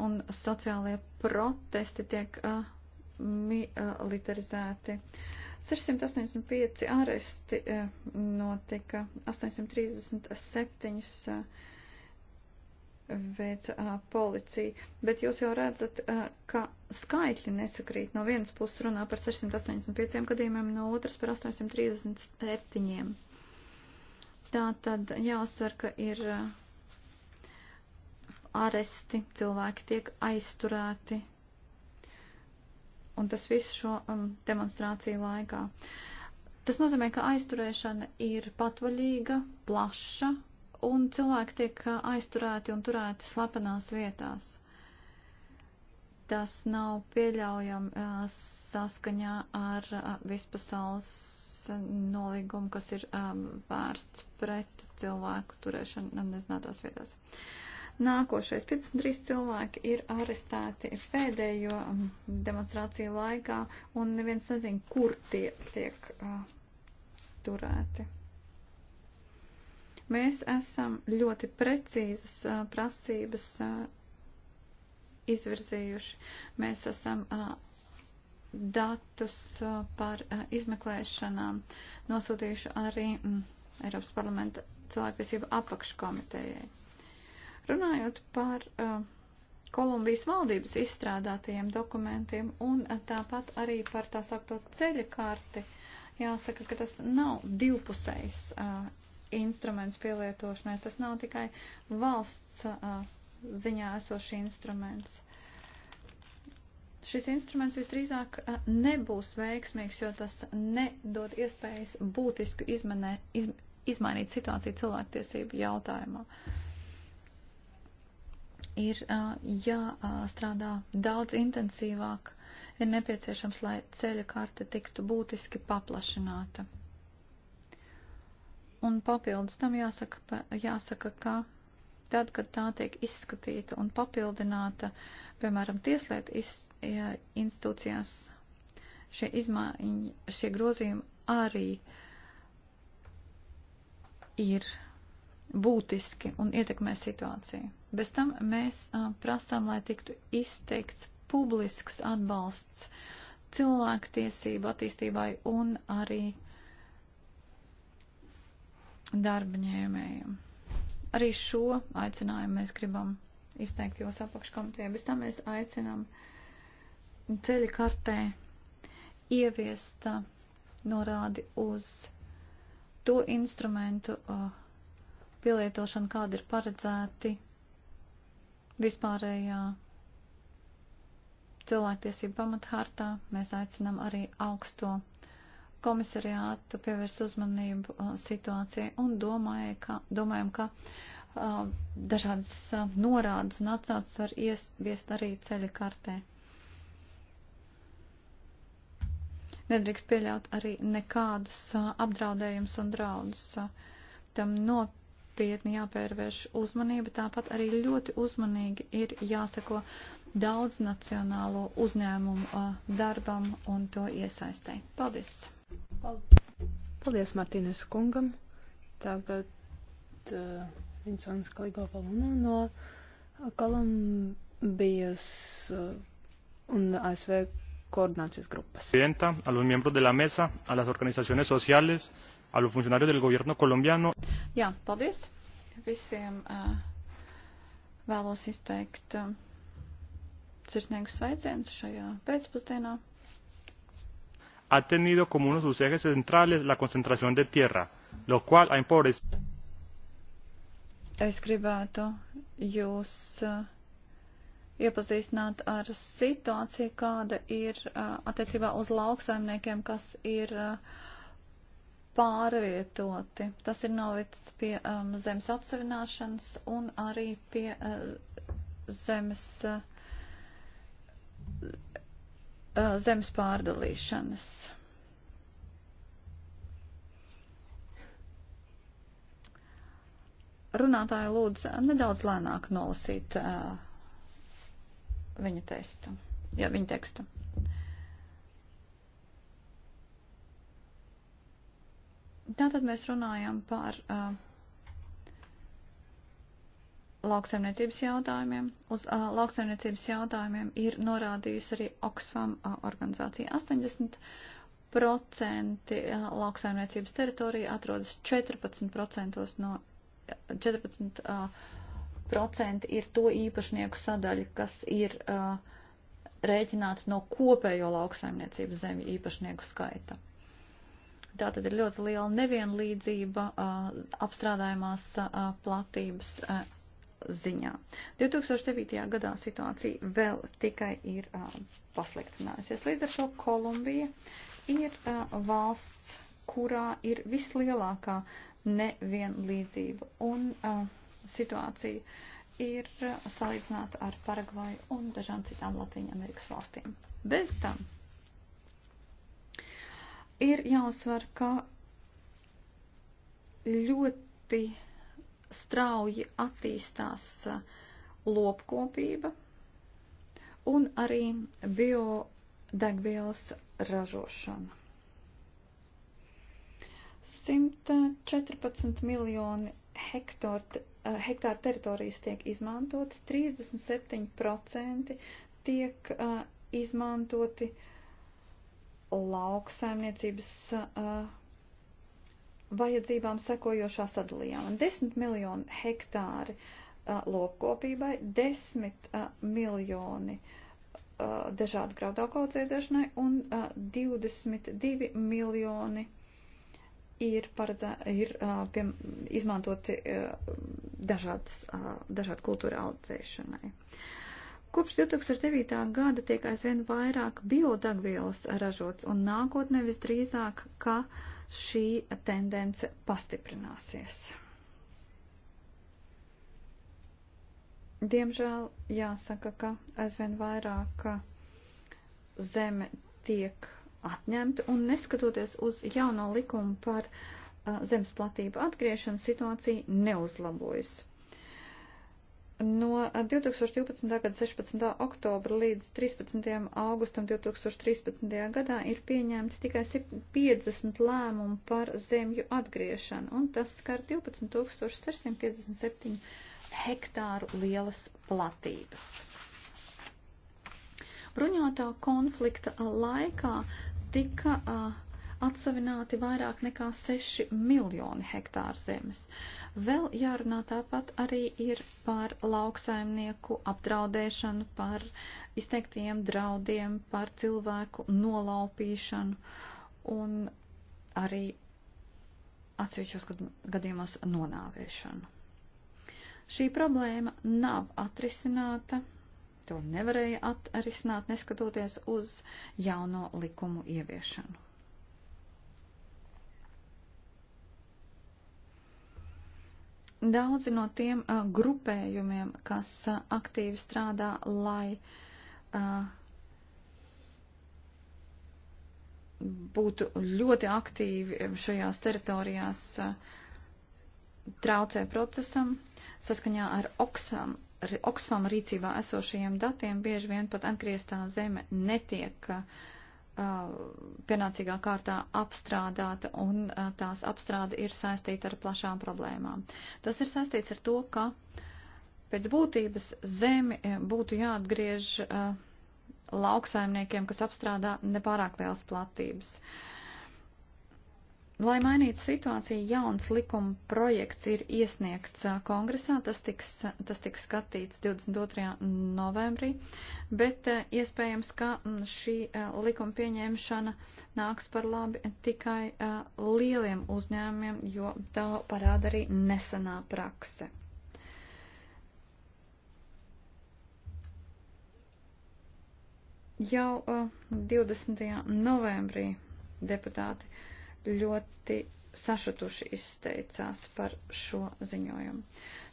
un sociālie protesti tiek uh, militarizēti. 685 aresti uh, notika, 837 uh, veica uh, policija, bet jūs jau redzat, uh, ka skaitļi nesakrīt. No vienas puses runā par 685 gadījumiem, no otras par 837. Tā tad jāsaka, ka ir. Uh, aresti, cilvēki tiek aizturēti. Un tas viss šo um, demonstrāciju laikā. Tas nozīmē, ka aizturēšana ir patvaļīga, plaša, un cilvēki tiek uh, aizturēti un turēti slepenās vietās. Tas nav pieļaujami uh, saskaņā ar uh, vispasaules nolīgumu, kas ir um, vērsts pret cilvēku turēšanu nezinātās vietās. Uh, Nākošais 53 cilvēki ir arestēti pēdējo um, demonstrāciju laikā, un neviens nezin, kur tie tiek uh, turēti. Mēs esam ļoti precīzas uh, prasības uh, izvirzījuši. Mēs esam uh, datus uh, par uh, izmeklēšanām nosūtījuši arī mm, Eiropas parlamenta cilvēktiesību apakškomitejai. Runājot par uh, Kolumbijas valdības izstrādātajiem dokumentiem un uh, tāpat arī par tā saukto ceļa karti, jāsaka, ka tas nav divpusējs uh, instruments pielietošanai, tas nav tikai valsts uh, ziņā esošs instruments. Šis instruments visdrīzāk uh, nebūs veiksmīgs, jo tas nedod iespējas būtisku izmanē, iz, izmainīt situāciju cilvēktiesību jautājumā. Uh, ir jāstrādā daudz intensīvāk, ir nepieciešams, lai ceļa karte tiktu būtiski paplašināta. Un papildus tam jāsaka, jāsaka ka tad, kad tā tiek izskatīta un papildināta, piemēram, tieslietu institūcijās, šie izmaiņi, šie grozījumi arī ir būtiski un ietekmē situāciju. Bez tam mēs a, prasām, lai tiktu izteikts publisks atbalsts cilvēktiesību attīstībai un arī darbaņēmējiem. Arī šo aicinājumu mēs gribam izteikt jūs apakškomitē. Bez tam mēs aicinām ceļa kartē ieviest norādi uz to instrumentu uh, pielietošanu, kāda ir paredzēti vispārējā cilvēktiesību pamathartā. Mēs aicinām arī augsto komisariātu pievērst uzmanību uh, situācijai un domāju, ka, domājam, ka uh, dažādas uh, norādes un atsauces var ieviest arī ceļa kartē. Nedrīkst pieļaut arī nekādus uh, apdraudējumus un draudus. Uh, tam nop nopietni jāpērvērš uzmanība, tāpat arī ļoti uzmanīgi ir jāsako daudz nacionālo uzņēmumu darbam un to iesaistē. Paldies! Paldies Martīnes kungam! Tagad uh, Vinsons Kaligo Valuna no Kolumbijas uh, un ASV coordinaciones grupas. Presidenta, a los miembros de la mesa, a las organizaciones sociales, a los funcionarios del gobierno colombiano. Jā, paldies visiem. Eh, vēlos izteikt eh, sirsnīgus sveicienus šajā pēcpusdienā. Ha tenido como uno de sus ejes centrales la concentración de tierra, lo cual ha empobrecido. Es gribētu jūs eh, iepazīstināt ar situāciju, kāda ir attiecībā uz lauksaimniekiem, kas ir uh, pārvietoti. Tas ir novicis pie um, zemes atsevināšanas un arī pie uh, zemes, uh, uh zemes pārdalīšanas. Runātāja lūdzu nedaudz lēnāk nolasīt uh, viņa testu. Jā, viņa tekstu. Uh, Tātad mēs runājam par uh, lauksaimniecības jautājumiem. Uz uh, lauksaimniecības jautājumiem ir norādījusi arī Oxfam uh, organizācija 80 procenti lauksaimniecības teritorija atrodas 14% no 14% uh, ir to īpašnieku sadaļa, kas ir uh, rēķināta no kopējo lauksaimniecības zemju īpašnieku skaita. Tā tad ir ļoti liela nevienlīdzība apstrādājumās platības ziņā. 2009. gadā situācija vēl tikai ir pasliktinājusies. Līdz ar to Kolumbija ir valsts, kurā ir vislielākā nevienlīdzība. Un situācija ir salīdzināta ar Paragvaju un dažām citām Latviju Amerikas valstīm. Bez tam Ir jāuzsver, ka ļoti strauji attīstās uh, lopkopība un arī biodegvielas ražošana. 114 miljoni hektori, uh, hektāru teritorijas tiek izmantoti, 37% tiek uh, izmantoti uh, lauksaimniecības uh, vajadzībām sekojošā sadalījumā. 10 miljoni hektāri uh, lopkopībai, 10 uh, miljoni uh, dažādu graudu audzēšanai un uh, 22 miljoni ir, paredzē, ir uh, piem, izmantoti uh, dažādas, uh, dažādu kultūru audzēšanai. Uh, Kopš 2009. gada tiek aizvien vairāk biodagvielas ražots, un nākotnē visdrīzāk, ka šī tendence pastiprināsies. Diemžēl jāsaka, ka aizvien vairāk zeme tiek atņemta, un neskatoties uz jauno likumu par uh, zemes platību atgriešanu, situācija neuzlabojas. No 2012. gada 16. oktobra līdz 13. augustam 2013. gadā ir pieņemti tikai 50 lēmumu par zemju atgriešanu, un tas skar 12657 hektāru lielas platības. Bruņotā konflikta laikā tika uh, atsavināti vairāk nekā 6 miljoni hektāru zemes. Vēl jārunā tāpat arī ir par lauksaimnieku apdraudēšanu, par izteiktiem draudiem, par cilvēku nolaupīšanu un arī atsevišķos gadījumos nonāvēšanu. Šī problēma nav atrisināta, to nevarēja atrisināt, neskatoties uz jauno likumu ieviešanu. Daudzi no tiem a, grupējumiem, kas a, aktīvi strādā, lai a, būtu ļoti aktīvi šajās teritorijās, a, traucē procesam. Saskaņā ar Oksam, Oksfam rīcībā esošajiem datiem bieži vien pat atgrieztā zeme netiek. A, pienācīgā kārtā apstrādāta, un tās apstrāde ir saistīta ar plašām problēmām. Tas ir saistīts ar to, ka pēc būtības zemi būtu jāatgriež lauksaimniekiem, kas apstrādā nepārāk liels platības. Uh, Lai mainītu situāciju, jauns likuma projekts ir iesniegts uh, kongresā, tas tiks, uh, tas tiks skatīts 22. novembrī, bet uh, iespējams, ka mm, šī likuma pieņemšana nāks par labi tikai lieliem uzņēmumiem, jo tā parāda arī nesenā prakse. Jau 20. novembrī deputāti ļoti sašutuši izteicās par šo ziņojumu.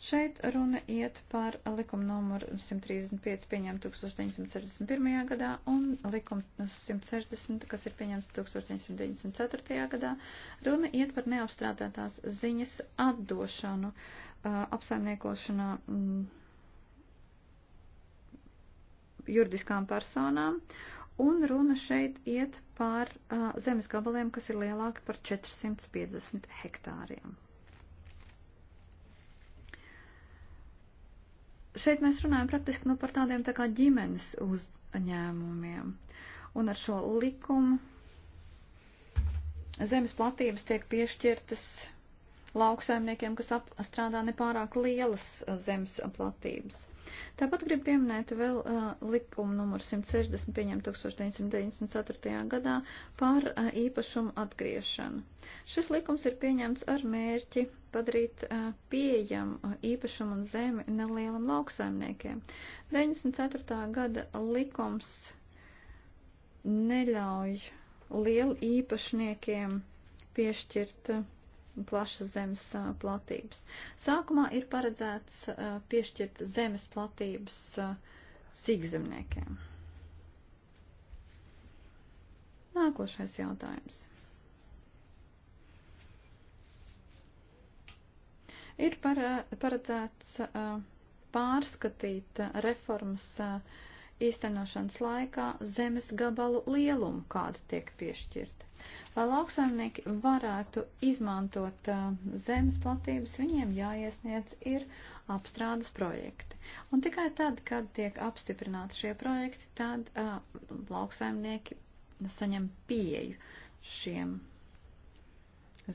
Šeit runa iet par likumu numuru 135 pieņemtu 1961. gadā un likumu 160, kas ir pieņemts 1994. gadā. Runa iet par neapstrādātās ziņas atdošanu uh, apsaimniekošanā mm, juridiskām personām Un runa šeit iet par uh, zemes gabaliem, kas ir lielāki par 450 hektāriem. Šeit mēs runājam praktiski nu, par tādiem tā kā ģimenes uzņēmumiem. Un ar šo likumu zemes platības tiek piešķirtas lauksaimniekiem, kas apstrādā nepārāk lielas zemes platības. Tāpat gribu pieminēt vēl uh, likumu numuru 160 pieņem 1994. gadā par uh, īpašumu atgriešanu. Šis likums ir pieņemts ar mērķi padarīt uh, pieejamu uh, īpašumu un zemi nelielam lauksaimniekiem. 94. gada likums neļauj lielu īpašniekiem piešķirt. Uh, plašas zemes platības. Sākumā ir paredzēts piešķirt zemes platības sīkzemniekiem. Nākošais jautājums. Ir paredzēts pārskatīt reformas uh, īstenošanas laikā zemes gabalu lielumu, kāda tiek piešķirta. Lai lauksaimnieki varētu izmantot uh, zemes platības, viņiem jāiesniedz ir apstrādes projekti. Un tikai tad, kad tiek apstiprināti šie projekti, tad uh, lauksaimnieki saņem pieeju šiem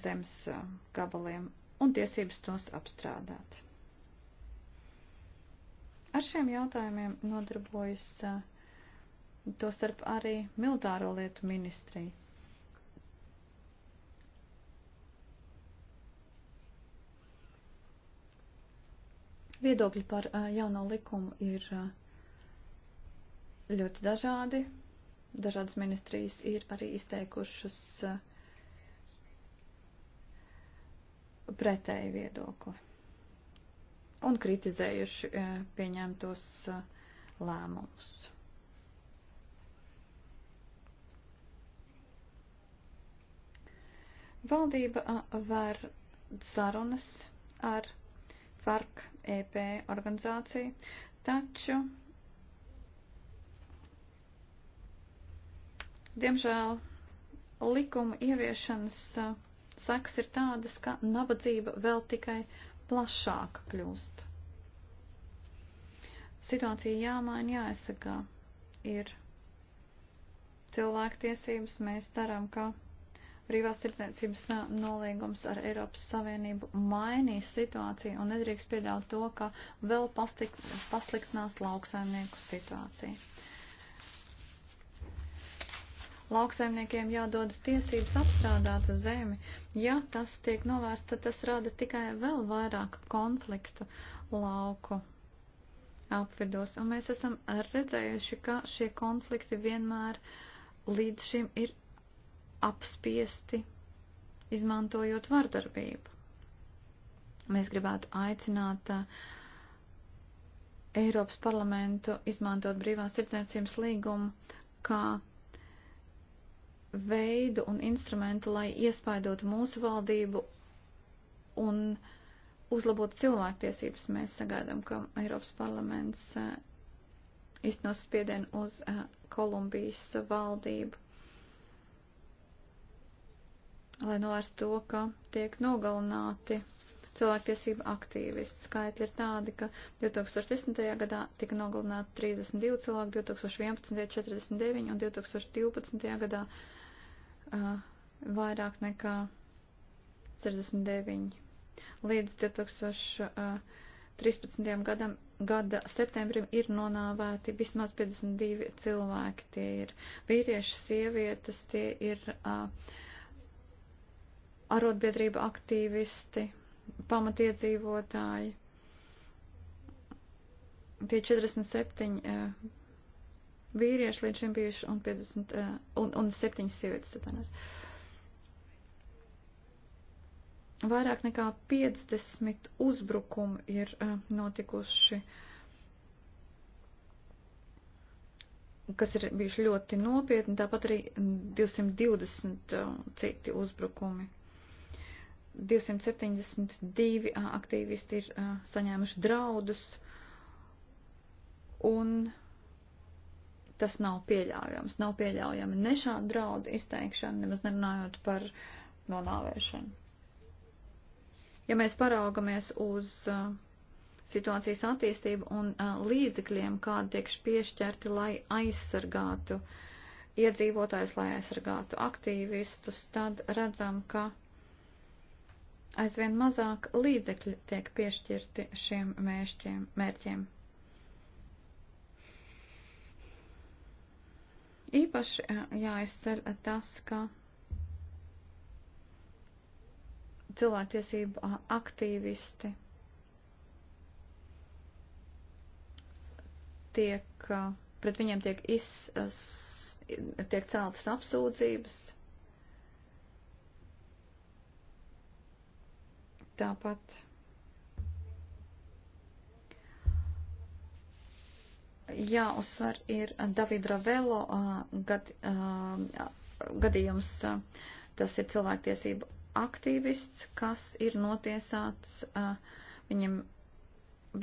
zemes uh, gabaliem un tiesības tos apstrādāt. Ar šiem jautājumiem nodarbojas eh, to starp arī militāro lietu ministrija. Viedokļi par eh, jauno likumu ir eh, ļoti dažādi. Dažādas ministrijas ir arī izteikušas pretēju viedokli un kritizējuši eh, pieņemtos eh, lēmumus. Valdība eh, var sarunas ar FARC EP organizāciju, taču, diemžēl, likuma ieviešanas sekas ir tādas, ka nabadzība vēl tikai plašāka kļūst. Situācija jāmaina, jāaizsargā. Ir cilvēktiesības, mēs ceram, ka brīvās tirdzniecības nolīgums ar Eiropas Savienību mainīs situāciju un nedrīkst pieļaut to, ka vēl pastik, pasliktinās lauksaimnieku situāciju lauksaimniekiem jādod tiesības apstrādāt zemi. Ja tas tiek novērsts, tad tas rada tikai vēl vairāk konfliktu lauku apvidos. Un mēs esam redzējuši, ka šie konflikti vienmēr līdz šim ir apspiesti, izmantojot vardarbību. Mēs gribētu aicināt uh, Eiropas parlamentu izmantot brīvās tirdzniecības līgumu kā veidu un instrumentu, lai iespaidotu mūsu valdību un uzlabotu cilvēktiesības. Mēs sagaidām, ka Eiropas parlaments eh, iznos spiedienu uz eh, Kolumbijas valdību, lai novērstu to, ka tiek nogalināti cilvēktiesība aktīvisti. Skaitļi ir tādi, ka 2010. gadā tika nogalināti 32 cilvēki, 2011. 49 un 2012. gadā vairāk nekā 69. Līdz 2013. gadam, gada septembrim ir nonāvēti vismaz 52 cilvēki. Tie ir vīrieši, sievietes, tie ir uh, arotbiedrība aktīvisti, pamatiedzīvotāji. Tie 47 uh, vīrieši līdz šim bijuši un, 50, uh, eh, un, un 7 sievietes atvainojas. Vairāk nekā 50 uzbrukumi ir uh, notikuši, kas ir bijuši ļoti nopietni, tāpat arī 220 uh, eh, citi uzbrukumi. 272 aktīvisti ir uh, saņēmuši draudus un Tas nav pieļaujams. Nav pieļaujama ne šāda draudu izteikšana, nemaz nerunājot par nonāvēšanu. Ja mēs paraugamies uz uh, situācijas attīstību un uh, līdzekļiem, kādi tiek piešķerti, lai aizsargātu iedzīvotājs, lai aizsargātu aktīvistus, tad redzam, ka aizvien mazāk līdzekļi tiek piešķirti šiem mēšķiem, mērķiem. Īpaši jāizceļ tas, ka cilvēktiesību aktīvisti tiek, pret viņiem tiek, iz, tiek celtas apsūdzības. Tāpat jāuzsver, ir Davida Ravelo gad, gadījums. Tas ir cilvēktiesību aktīvists, kas ir notiesāts, viņam,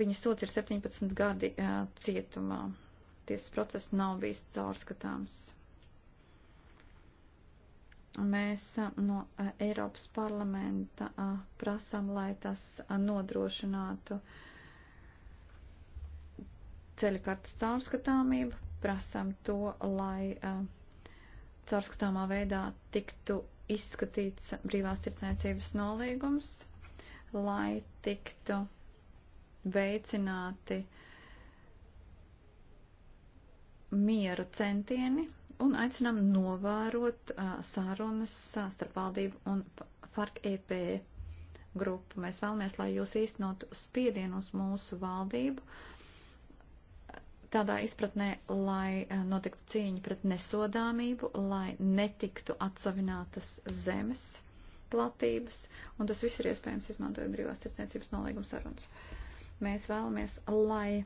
viņa sots ir 17 gadi cietumā. Tiesas process nav bijis caurskatāms. Mēs no Eiropas parlamenta prasām, lai tas nodrošinātu uh, ceļkartas caurskatāmību, prasam to, lai eh, caurskatāmā veidā tiktu izskatīts brīvās tirdzniecības nolīgums, lai tiktu veicināti miera centieni un aicinām novērot uh, eh, sarunas uh, eh, starp valdību un FARC EP grupu. Mēs vēlamies, lai jūs īstenotu spiedienu uz mūsu valdību, uh, tādā izpratnē, lai eh, notiktu cīņa pret nesodāmību, lai netiktu atsavinātas zemes platības, un tas viss ir iespējams izmantojot brīvās tirdzniecības nolīguma sarunas. Mēs vēlamies, lai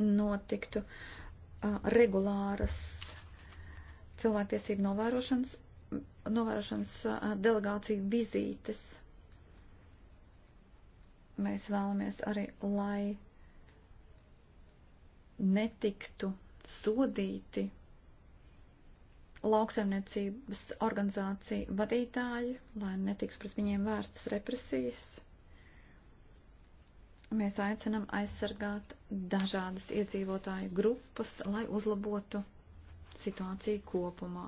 notiktu uh, regulāras cilvēktiesību novērošanas, novērošanas uh, delegāciju vizītes. Mēs vēlamies arī, lai netiktu sodīti lauksaimniecības organizāciju vadītāji, lai netiks pret viņiem vērstas represijas. Mēs aicinam aizsargāt dažādas iedzīvotāju grupas, lai uzlabotu situāciju kopumā.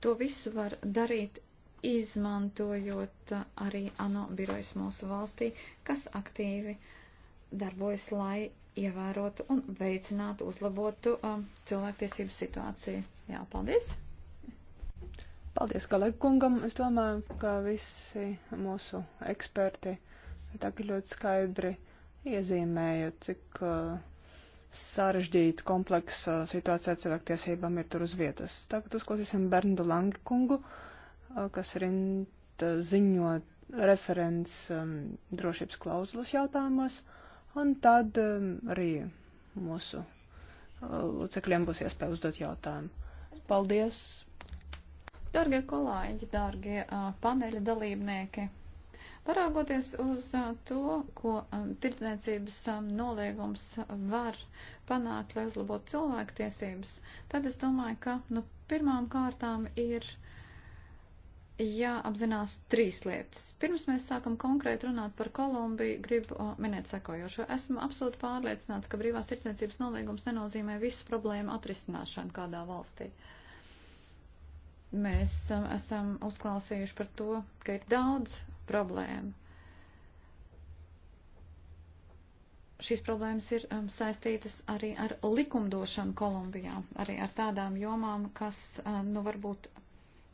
To visu var darīt izmantojot uh, arī ANO birojas mūsu valstī, kas aktīvi darbojas, lai ievērotu un veicinātu, uzlabotu um, cilvēktiesību situāciju. Jā, paldies! Paldies kolēģi kungam. Es domāju, ka visi mūsu eksperti tagad ļoti skaidri iezīmēja, cik uh, sarežģīta kompleksa situācija cilvēktiesībām ir tur uz vietas. Tagad uzklausīsim Berndu Langi kungu. Uh, Uh, kas ir ziņot referents um, drošības klauzulas jautājumos, un tad um, arī mūsu uh, locekļiem būs iespēja uzdot jautājumu. Paldies! Dargie kolēģi, dargie uh, paneļa dalībnieki! Paraugoties uz uh, to, ko um, tirdzniecības um, noliegums var panākt, lai uzlabotu cilvēku tiesības, tad es domāju, ka nu, pirmām kārtām ir uh, jāapzinās trīs lietas. Pirms mēs sākam konkrēti runāt par Kolumbiju, gribu uh, minēt sekojošo. Esmu absolūti pārliecināts, ka brīvās tirdzniecības nolīgums nenozīmē visu problēmu atrisināšanu kādā valstī. Mēs um, esam uzklausījuši par to, ka ir daudz problēmu. Šīs problēmas ir um, saistītas arī ar likumdošanu Kolumbijā, arī ar tādām jomām, kas, uh, nu, varbūt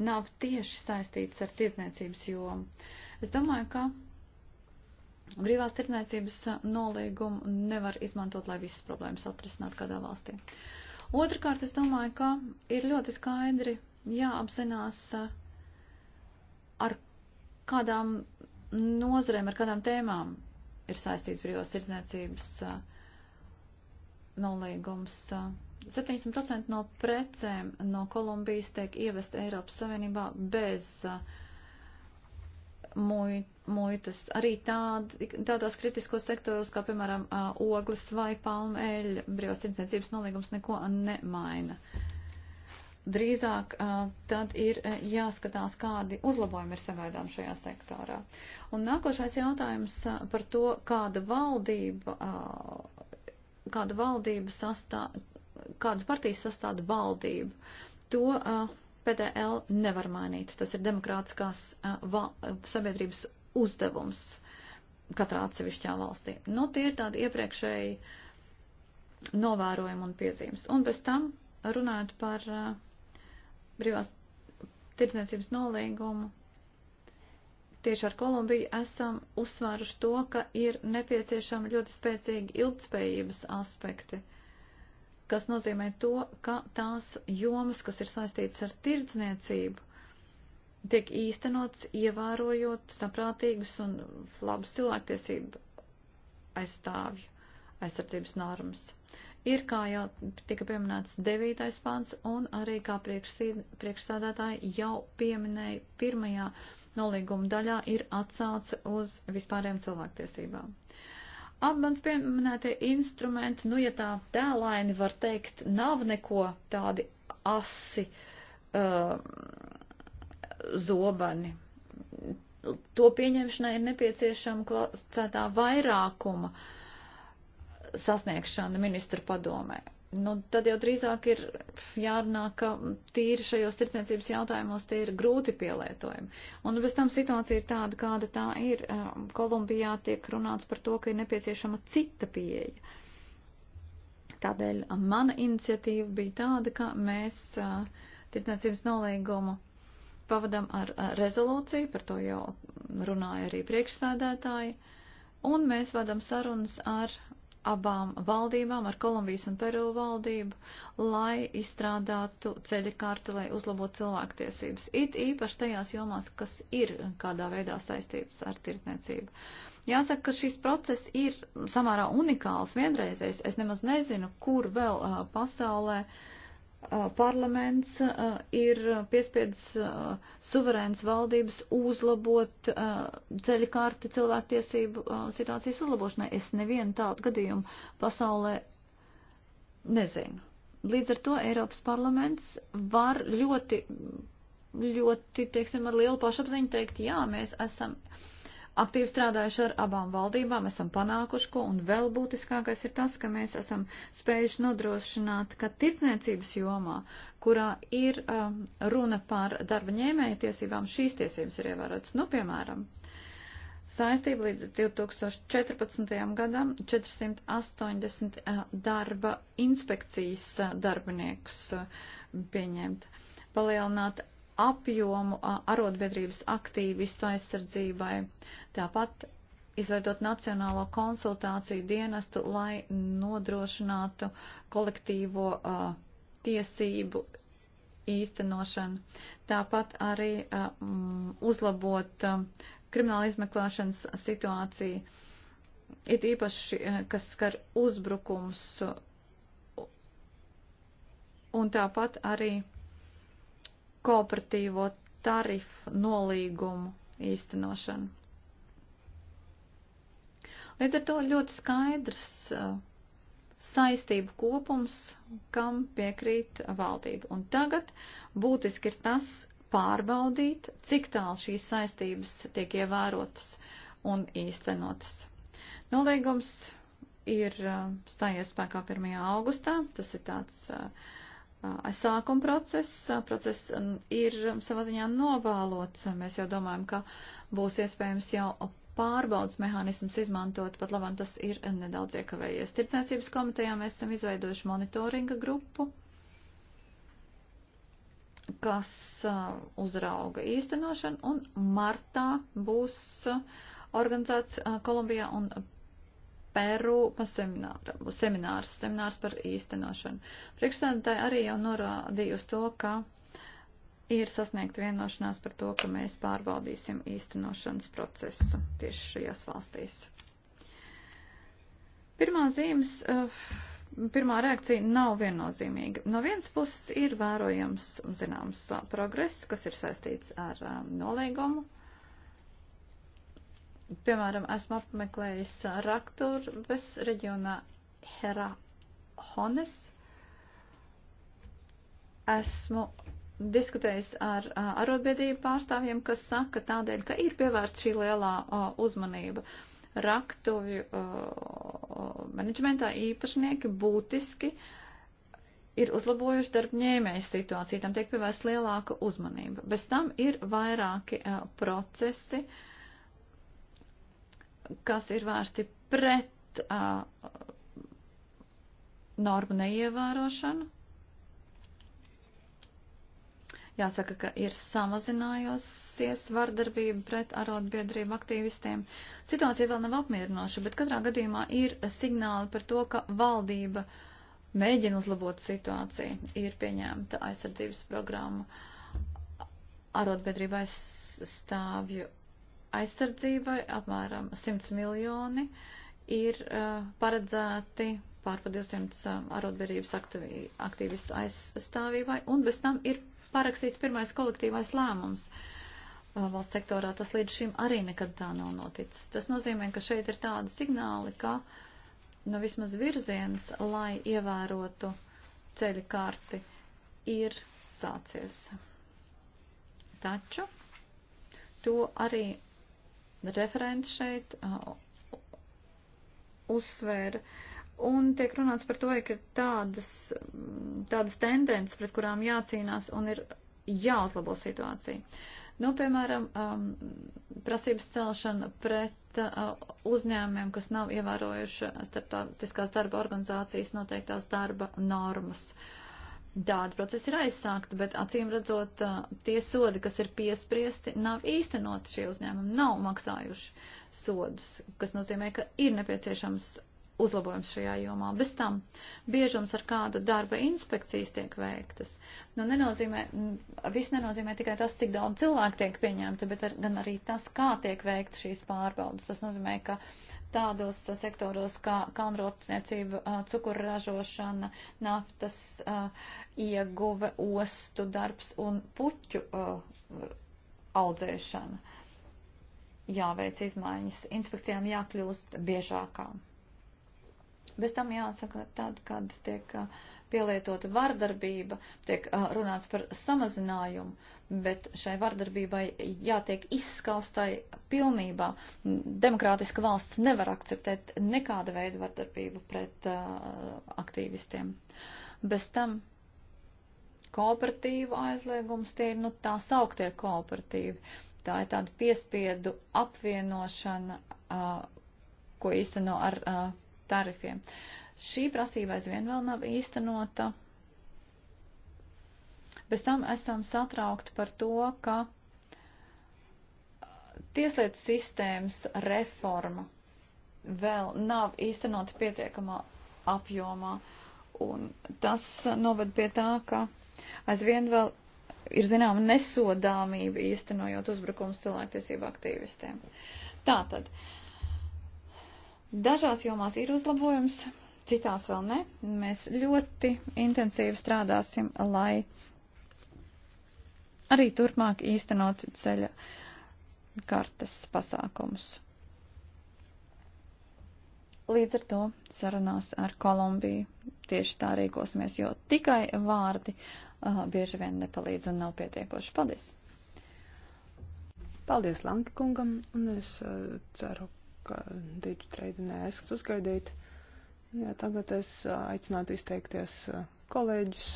nav tieši saistītas ar tirdzniecības jomu. Es domāju, ka brīvās tirdzniecības nolīgumu nevar izmantot, lai visas problēmas atrisināt kādā valstī. Otrakārt, es domāju, ka ir ļoti skaidri jāapzinās, eh, ar kādām nozarēm, ar kādām tēmām ir saistīts brīvās tirdzniecības eh, nolīgums. Uh, 70% no precēm no Kolumbijas tiek ievest Eiropas Savienībā bez uh, muitas. Arī tād, tādās kritiskos sektoros, kā piemēram uh, ogles vai palmeļa, brīvās tirdzniecības nolīgums neko nemaina. Drīzāk uh, tad ir jāskatās, kādi uzlabojumi ir sagaidām šajā sektorā. Un nākošais jautājums par to, kāda valdība kāda valdība sastā, kādas partijas sastāda valdību. To uh, PDL nevar mainīt. Tas ir demokrātiskās uh, val, uh, sabiedrības uzdevums katrā atsevišķā valstī. Nu, tie ir tādi iepriekšēji novērojumi un piezīmes. Un bez tam, runājot par uh, brīvās tirdzniecības nolīgumu, tieši ar Kolumbiju esam uzsvēruši to, ka ir nepieciešami ļoti spēcīgi ilgtspējības aspekti kas nozīmē to, ka tās jomas, kas ir saistītas ar tirdzniecību, tiek īstenots, ievērojot saprātīgus un labus cilvēktiesību aizstāvju aizsardzības normas. Ir, kā jau tika pieminēts, devītais pants, un arī, kā priekšsādātāji jau pieminēja, pirmajā nolīguma daļā ir atsauce uz vispārējām cilvēktiesībām. Uh, Abi mans pieminētie instrumenti, nu, ja tā tēlaini var teikt, nav neko tādi asi uh, zobani. To pieņemšanai ir nepieciešama kvalificētā vairākuma sasniegšana ministru padomē nu, tad jau drīzāk ir jārunā, ka tīri šajos tirdzniecības jautājumos tie ir grūti pielietojami. Un bez tam situācija ir tāda, kāda tā ir. Eh, Kolumbijā tiek runāts par to, ka ir nepieciešama cita pieeja. Tādēļ mana iniciatīva bija tāda, ka mēs eh, tirdzniecības nolīgumu pavadam ar eh, rezolūciju, par to jau runāja arī priekšsēdētāji, un mēs vadam sarunas ar abām valdībām, ar Kolumbijas un Peru valdību, lai izstrādātu ceļa karti, lai uzlabotu cilvēktiesības. It īpaši tajās jomās, kas ir kādā veidā saistības ar tirdzniecību. Jāsaka, ka šis process ir samērā unikāls, vienreizējs. Es nemaz nezinu, kur vēl uh, pasaulē uh, Uh, parlaments uh, ir piespiedzis uh, suverēns valdības uzlabot ceļa kārti cilvēktiesību situācijas uzlabošanai. Es nevienu tādu gadījumu pasaulē nezinu. Līdz ar to Eiropas parlaments var ļoti, ļoti, teiksim, ar lielu pašapziņu teikt, jā, mēs esam. Uh, aktīvi strādājuši ar abām valdībām, esam panākuši ko, un vēl būtiskākais ir tas, ka mēs esam spējuši nodrošināt, ka tirdzniecības jomā, kurā ir um, runa par darba ņēmēja tiesībām, šīs tiesības ir ievērotas. Nu, piemēram, saistība līdz 2014. gadam 480 uh, eh, darba inspekcijas uh, darbiniekus uh, pieņemt palielināt apjomu arotbiedrības aktīvistu aizsardzībai. Tāpat izveidot Nacionālo konsultāciju dienestu, lai nodrošinātu kolektīvo uh, tiesību īstenošanu. Tāpat arī uh, uzlabot uh, krimināla izmeklēšanas situāciju, it īpaši, uh, kas skar uzbrukums, uh, un tāpat arī uh, kooperatīvo tarifu nolīgumu īstenošanu. Līdz ar to ļoti skaidrs uh, saistību kopums, kam piekrīt valdība. Un tagad būtiski ir tas pārbaudīt, cik tālu šīs saistības tiek ievērotas un īstenotas. Nolīgums ir uh, stājies spēkā 1. augustā, tas ir tāds uh, aizsākuma process. Process um, ir um, savā ziņā novēlots. Mēs jau domājam, ka būs iespējams jau pārbaudas mehānisms izmantot, pat labam tas ir nedaudz iekavējies. Tirdzniecības komitejā mēs esam izveidojuši monitoringa grupu, kas uh, uzrauga īstenošanu, un martā būs uh, organizēts uh, Kolumbijā un Pērūpa semināra, seminārs, seminārs par īstenošanu. Priekšstādātāji arī jau norādīja uz to, ka ir sasniegt vienošanās par to, ka mēs pārbaudīsim īstenošanas procesu tieši šajās valstīs. Pirmā zīmes, eh, pirmā reakcija nav viennozīmīga. No vienas puses ir vērojams, zināms, progress, kas ir saistīts ar eh, nolīgumu Piemēram, esmu apmeklējis Rakturves reģionā Herahones. Esmu diskutējis ar arotbiedrību pārstāvjiem, kas saka tādēļ, ka ir pievērsta šī lielā a, uzmanība. Raktuvju menedžmentā īpašnieki būtiski ir uzlabojuši darbņēmējas situāciju, tam tiek pievērsta lielāka uzmanība. Bez tam ir vairāki a, procesi. Uh, kas ir vērsti pret uh, normu neievērošanu. Jāsaka, ka ir samazinājusies vardarbība pret arotbiedrību aktīvistiem. Situācija vēl nav apmierinoša, bet katrā gadījumā ir signāli par to, ka valdība mēģina uzlabot situāciju. Ir pieņemta aizsardzības programma arotbiedrību aizstāvju aizsardzībai apmēram 100 miljoni ir uh, paredzēti pār pa 200 arotbiedrības aktīvistu aizstāvībai, un bez tam ir parakstīts pirmais kolektīvais lēmums uh, valsts sektorā. Tas līdz šim arī nekad tā nav noticis. Tas nozīmē, ka šeit ir tādi signāli, ka nu, vismaz virziens, lai ievērotu ceļa karti, ir sācies. Taču to arī referents šeit uh, uzsvēra. Un tiek runāts par to, ka tādas, tādas tendences, pret kurām jācīnās un ir jāuzlabo situācija. Nu, piemēram, um, prasības celšana pret uh, uzņēmumiem, kas nav ievērojuši starptautiskās darba organizācijas noteiktās darba normas. Uh, Tāda procesa ir aizsākta, bet acīm redzot, tie sodi, kas ir piespriesti, nav īstenoti šie uzņēmumi, nav maksājuši sodus, kas nozīmē, ka ir nepieciešams uzlabojums šajā jomā. Bez tam biežums, ar kādu darba inspekcijas tiek veiktas, nu, nenozīmē, mm, viss nenozīmē tikai tas, cik daudz cilvēku tiek pieņemta, bet ar, gan arī tas, kā tiek veikta šīs pārbaudas. Tas nozīmē, ka tādos sektoros kā kalnrūpniecība, cukurražošana, naftas ieguve, ostu darbs un puķu audzēšana jāveic izmaiņas, inspekcijām jākļūst biežākām. Bez tam jāsaka, tad, kad tiek pielietota vardarbība, tiek runāts par samazinājumu, bet šai vardarbībai jātiek izskaustai pilnībā. Demokrātiska valsts nevar akceptēt nekāda veida vardarbību pret uh, aktīvistiem. Bez tam kooperatīvu aizliegums tie ir nu, tā sauktie kooperatīvi. Tā ir tāda piespiedu apvienošana, uh, ko īsteno ar uh, tarifiem. Šī prasība aizvien vēl nav īstenota. Bez tam esam satraukti par to, ka tieslietu sistēmas reforma vēl nav īstenota pietiekamā apjomā. Un tas noved pie tā, ka aizvien vēl ir zināma nesodāmība īstenojot uzbrukums cilvēktiesību aktīvistiem. Tātad, uh, Dažās jomās ir uzlabojums, citās vēl ne. Mēs ļoti intensīvi strādāsim, lai arī turpmāk īstenot ceļa kartes pasākumus. Līdz ar to sarunās ar Kolumbiju tieši tā rīkosimies, jo tikai vārdi uh, bieži vien nepalīdz un nav pietiekoši. Paldies! Paldies Lanka kungam, un es uh, ceru, ka diģu treidu neesat uzgaidīt. Ja tagad es aicinātu izteikties kolēģus,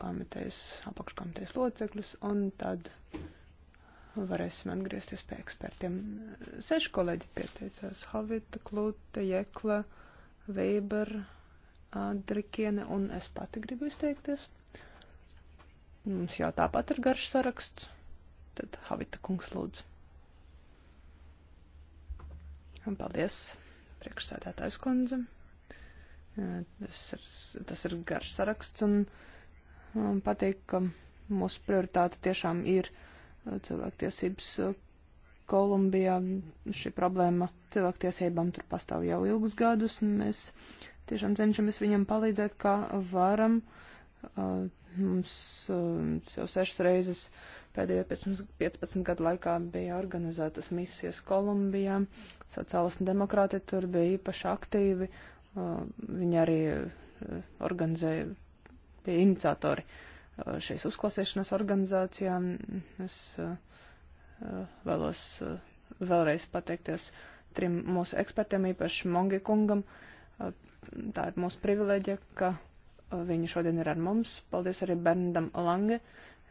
komitejas, apakškomitejas locekļus, un tad varēsim atgriezties pie ekspertiem. Seši kolēģi pieteicās - Havita, Klute, Jekla, Weber, Adrikiene un es pati gribu izteikties. Mums jau tāpat ir garš saraksts. Tad Havita kungs lūdzu. Un paldies, priekšsēdētājs kundze. Tas ir, tas ir garš saraksts un, un patīk, ka mūsu prioritāte tiešām ir cilvēktiesības Kolumbijā šī problēma cilvēktiesībām tur pastāv jau ilgus gadus. Mēs tiešām cenšamies viņam palīdzēt, kā varam. Uh, Mums jau sešas reizes pēdējo 15 gadu laikā bija organizētas misijas Kolumbijā. Sociālas demokrāti tur bija īpaši aktīvi. Viņi arī organizēja, bija iniciatori šīs uzklausīšanas organizācijām. Es vēlos vēlreiz pateikties trim mūsu ekspertiem, īpaši Mongi kungam. Tā ir mūsu privileģija, ka Viņa šodien ir ar mums. Paldies arī Bernardam Lange.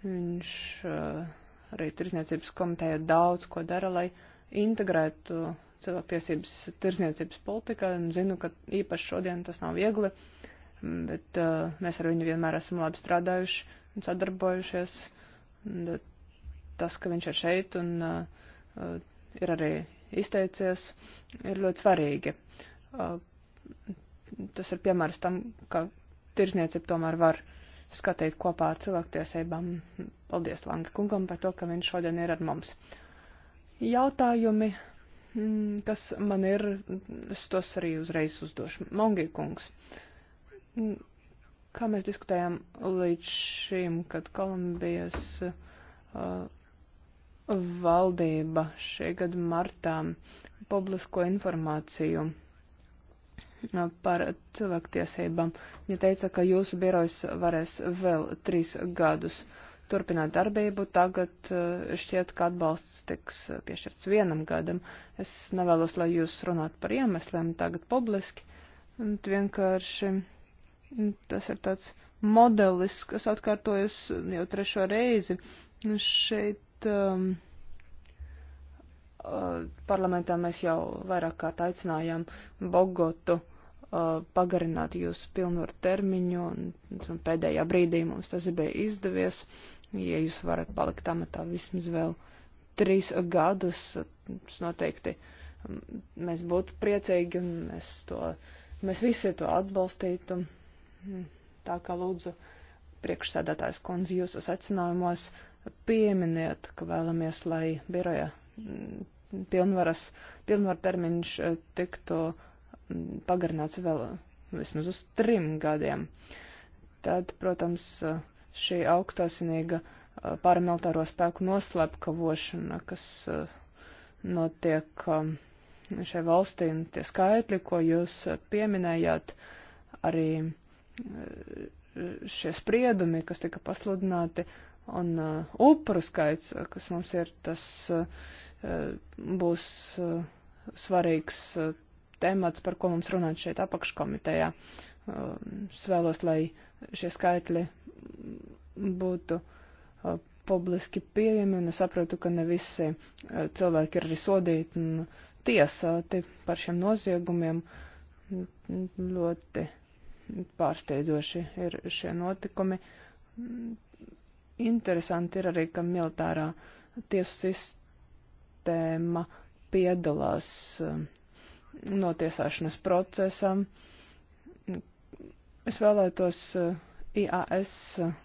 Viņš eh, arī Tirzniecības komiteja daudz ko dara, lai integrētu cilvēktiesības tirzniecības politikā. Zinu, ka īpaši šodien tas nav viegli, bet eh, mēs ar viņu vienmēr esam labi strādājuši un sadarbojušies. Tas, ka viņš ir šeit un eh, ir arī izteicies, ir ļoti svarīgi tas ir piemērs tam, ka tirzniecību tomēr var skatīt kopā ar cilvēktiesībām. Paldies Langa kungam par to, ka viņš šodien ir ar mums. Jautājumi, mm, kas man ir, es tos arī uzreiz uzdošu. Mongi kungs, mm, kā mēs diskutējām līdz šim, kad Kolumbijas uh, valdība šī gada martā publisko informāciju par cilvēktiesībām. Viņa teica, ka jūsu birojs varēs vēl trīs gadus turpināt darbību. Tagad šķiet, ka atbalsts tiks piešķirts vienam gadam. Es nevēlos, lai jūs runātu par iemesliem tagad publiski. Un vienkārši tas ir tāds modelis, kas atkārtojas jau trešo reizi. Šeit um, parlamentā mēs jau vairāk kārt aicinājām Bogotu pagarināt jūsu pilnvaru termiņu, un, un pēdējā brīdī mums tas bija izdevies. Ja jūs varat palikt amatā vismaz vēl trīs gadus, tas noteikti mēs būtu priecīgi, un mēs, to, mēs visi to atbalstītu. Hm, tā kā lūdzu priekšsēdētājs kundze jūsu secinājumos pieminiet, ka vēlamies, lai biroja Mm, pilnvaras, pilnvaru termiņš eh, tiktu mm, pagarināts vēl vismaz uz trim gadiem. Tad, protams, eh, šī augstasinīga eh, paramilitāro spēku noslepkavošana, kas notiek šai valstī, un tie skaitļi, ko jūs pieminējāt, arī šie spriedumi, kas tika pasludināti, un upuru skaits, kas mums ir, tas Eh, būs eh, svarīgs eh, temats, par ko mums runāt šeit apakškomitejā. Es vēlos, lai šie skaitļi būtu publiski pieejami, un es saprotu, ka ne visi cilvēki ir arī sodīti un tiesāti par šiem noziegumiem. Ļoti pārsteidzoši ir šie notikumi. Interesanti ir arī, ka militārā tiesu sistēma tēma piedalās eh, notiesāšanas procesā. Es vēlētos eh, IAS eh,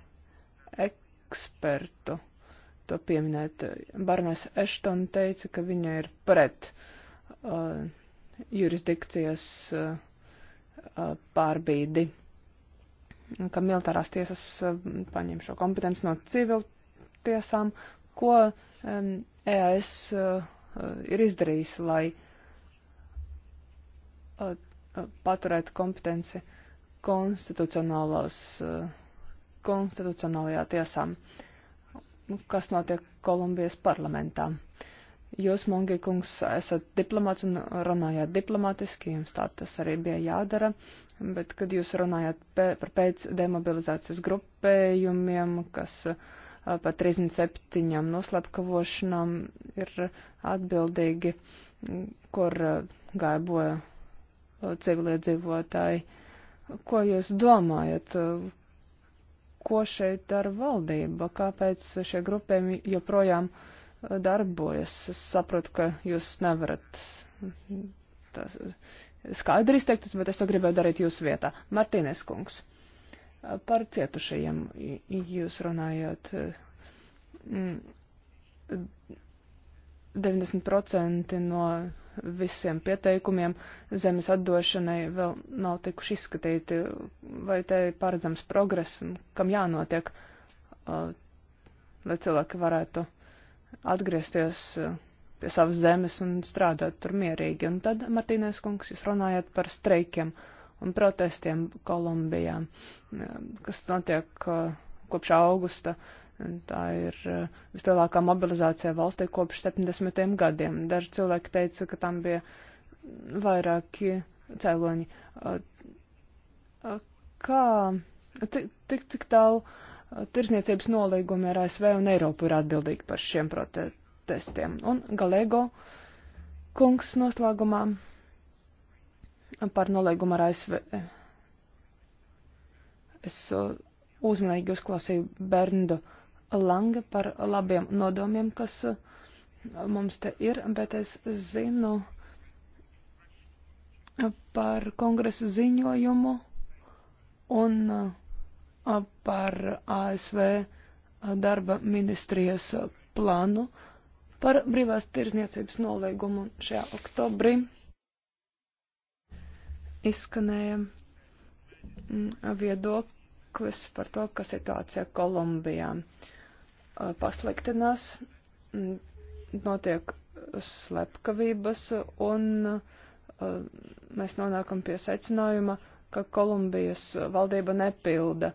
ekspertu to pieminēt. Barnes Ešton teica, ka viņa ir pret uh, jurisdikcijas uh, pārbīdi, ka militārās tiesas uh, paņem šo kompetenci no civil tiesām, Ko um, EAS uh, eh, ir izdarījis, lai uh, paturētu kompetenci konstitucionālās, uh, konstitucionālajā tiesā, kas notiek Kolumbijas parlamentā. Jūs, Mongi kungs, esat diplomāts un runājāt diplomātiski, jums tā tas arī bija jādara, bet kad jūs runājāt pē par pēc demobilizācijas grupējumiem, kas uh, par 37 noslapkavošanām ir atbildīgi, kur gāja boja civiliedzīvotāji. Ko jūs domājat? Ko šeit dara valdība? Kāpēc šie grupējumi joprojām darbojas? Es saprotu, ka jūs nevarat tas skaidri izteikties, bet es to gribēju darīt jūsu vietā. Martīnes kungs. Par cietušajiem jūs runājāt. 90% mm, no visiem pieteikumiem zemes atdošanai vēl nav tikuši izskatīti, vai te ir paredzams progress, kam jānotiek, lai cilvēki varētu atgriezties pie savas zemes un strādāt tur mierīgi. Un tad, Martīnēs kungs, jūs runājat par streikiem. Uh, un protestiem Kolumbijā, kas notiek uh, kopš augusta. Tā ir uh, vislielākā mobilizācija valstī kopš 70. gadiem. Daži cilvēki teica, ka tam bija vairāki cēloņi. Uh, kā, cik, cik tālu tirsniecības nolīgumi ar ASV un Eiropu ir atbildīgi par šiem protestiem? Un Galego kungs noslēgumā par nolīgumu ar ASV. Es uh, uzmanīgi uzklausīju Berndu Lange par labiem nodomiem, kas uh, mums te ir, bet es zinu uh, par kongresa ziņojumu un par ASV darba ministrijas plānu par brīvās tirzniecības nolīgumu šajā oktobrī izskanēja mm, viedoklis par to, ka situācija Kolumbijā pasliktinās, mm, notiek slepkavības un mēs nonākam pie secinājuma, ka Kolumbijas valdība nepilda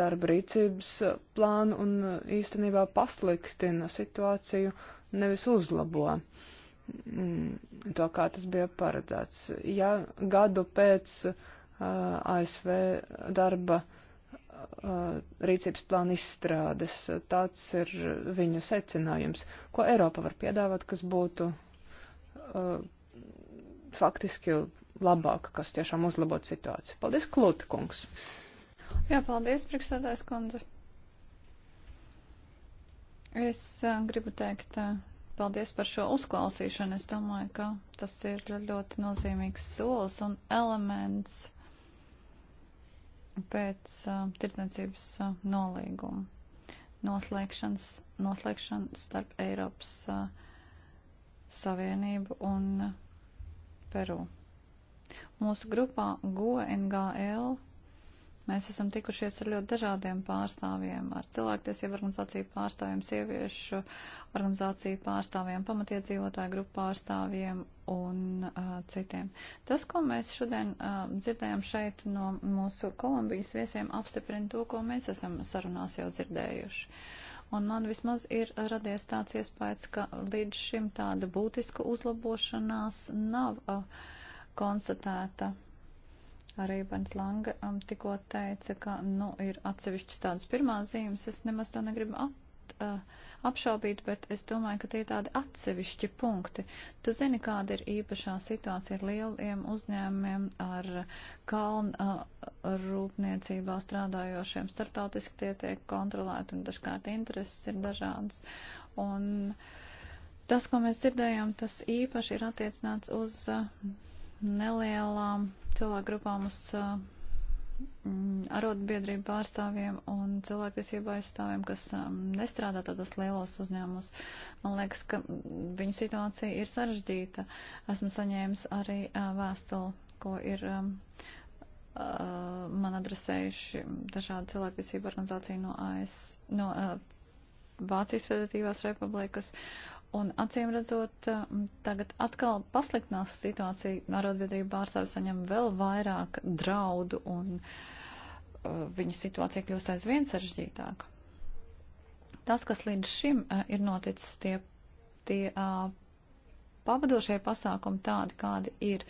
darba rīcības plānu un īstenībā pasliktina situāciju, nevis uzlabo. Uh, to, kā tas bija paredzēts. Ja gadu pēc uh, ASV darba uh, rīcības plāna izstrādes, tāds ir viņu secinājums, ko Eiropa var piedāvāt, kas būtu uh, faktiski labāk, kas tiešām uzlabot situāciju. Paldies, Klūta kungs! Jā, paldies, priekšsēdājs kundze. Es uh, gribu teikt, uh, paldies par šo uzklausīšanu. Es domāju, ka tas ir ļoti nozīmīgs solis un elements pēc uh, tirdzniecības uh, nolīguma noslēgšanas, noslēgšanas starp Eiropas uh, Savienību un uh, Peru. Mūsu grupā GONGL Mēs esam tikušies ar ļoti dažādiem pārstāvjiem, ar cilvēktiesību organizāciju pārstāvjiem, sieviešu organizāciju pārstāvjiem, pamatiedzīvotāju grupu pārstāvjiem un uh, citiem. Tas, ko mēs šodien uh, dzirdējam šeit no mūsu Kolumbijas viesiem, apstiprina to, ko mēs esam sarunās jau dzirdējuši. Un man vismaz ir radies tāds iespējas, ka līdz šim tāda būtiska uzlabošanās nav uh, konstatēta Arī Bens Langa um, tikko teica, ka nu, ir atsevišķas tādas pirmās zīmes. Es nemaz to negribu at, uh, apšaubīt, bet es domāju, ka tie ir tādi atsevišķi punkti. Tu zini, kāda ir īpašā situācija ar lieliem uzņēmumiem, ar kalnu uh, rūpniecībā strādājošiem. Startautiski tie tiek kontrolēti un dažkārt intereses ir dažādas. Un, uh, Tas, ko mēs dzirdējām, tas īpaši ir attiecināts uz uh, nelielām cilvēku grupām mm, uz arotbiedrību pārstāvjiem un cilvēktiesību aizstāvjiem, kas nestrādā tādos lielos uzņēmumos. Man liekas, ka viņu situācija ir sarežģīta. Esmu saņēmis arī vēstuli, ko ir man adresējuši dažādi cilvēktiesību organizācija no AS, no Vācijas Federatīvās Republikas Un acīm redzot, tagad atkal pasliktinās situācija. Arotbiedrība pārstāvis saņem vēl vairāk draudu un uh, viņa situācija kļūst aizvien sarežģītāka. Tas, kas līdz šim uh, ir noticis, tie, tie uh, pavadošie pasākumi tādi, kādi ir.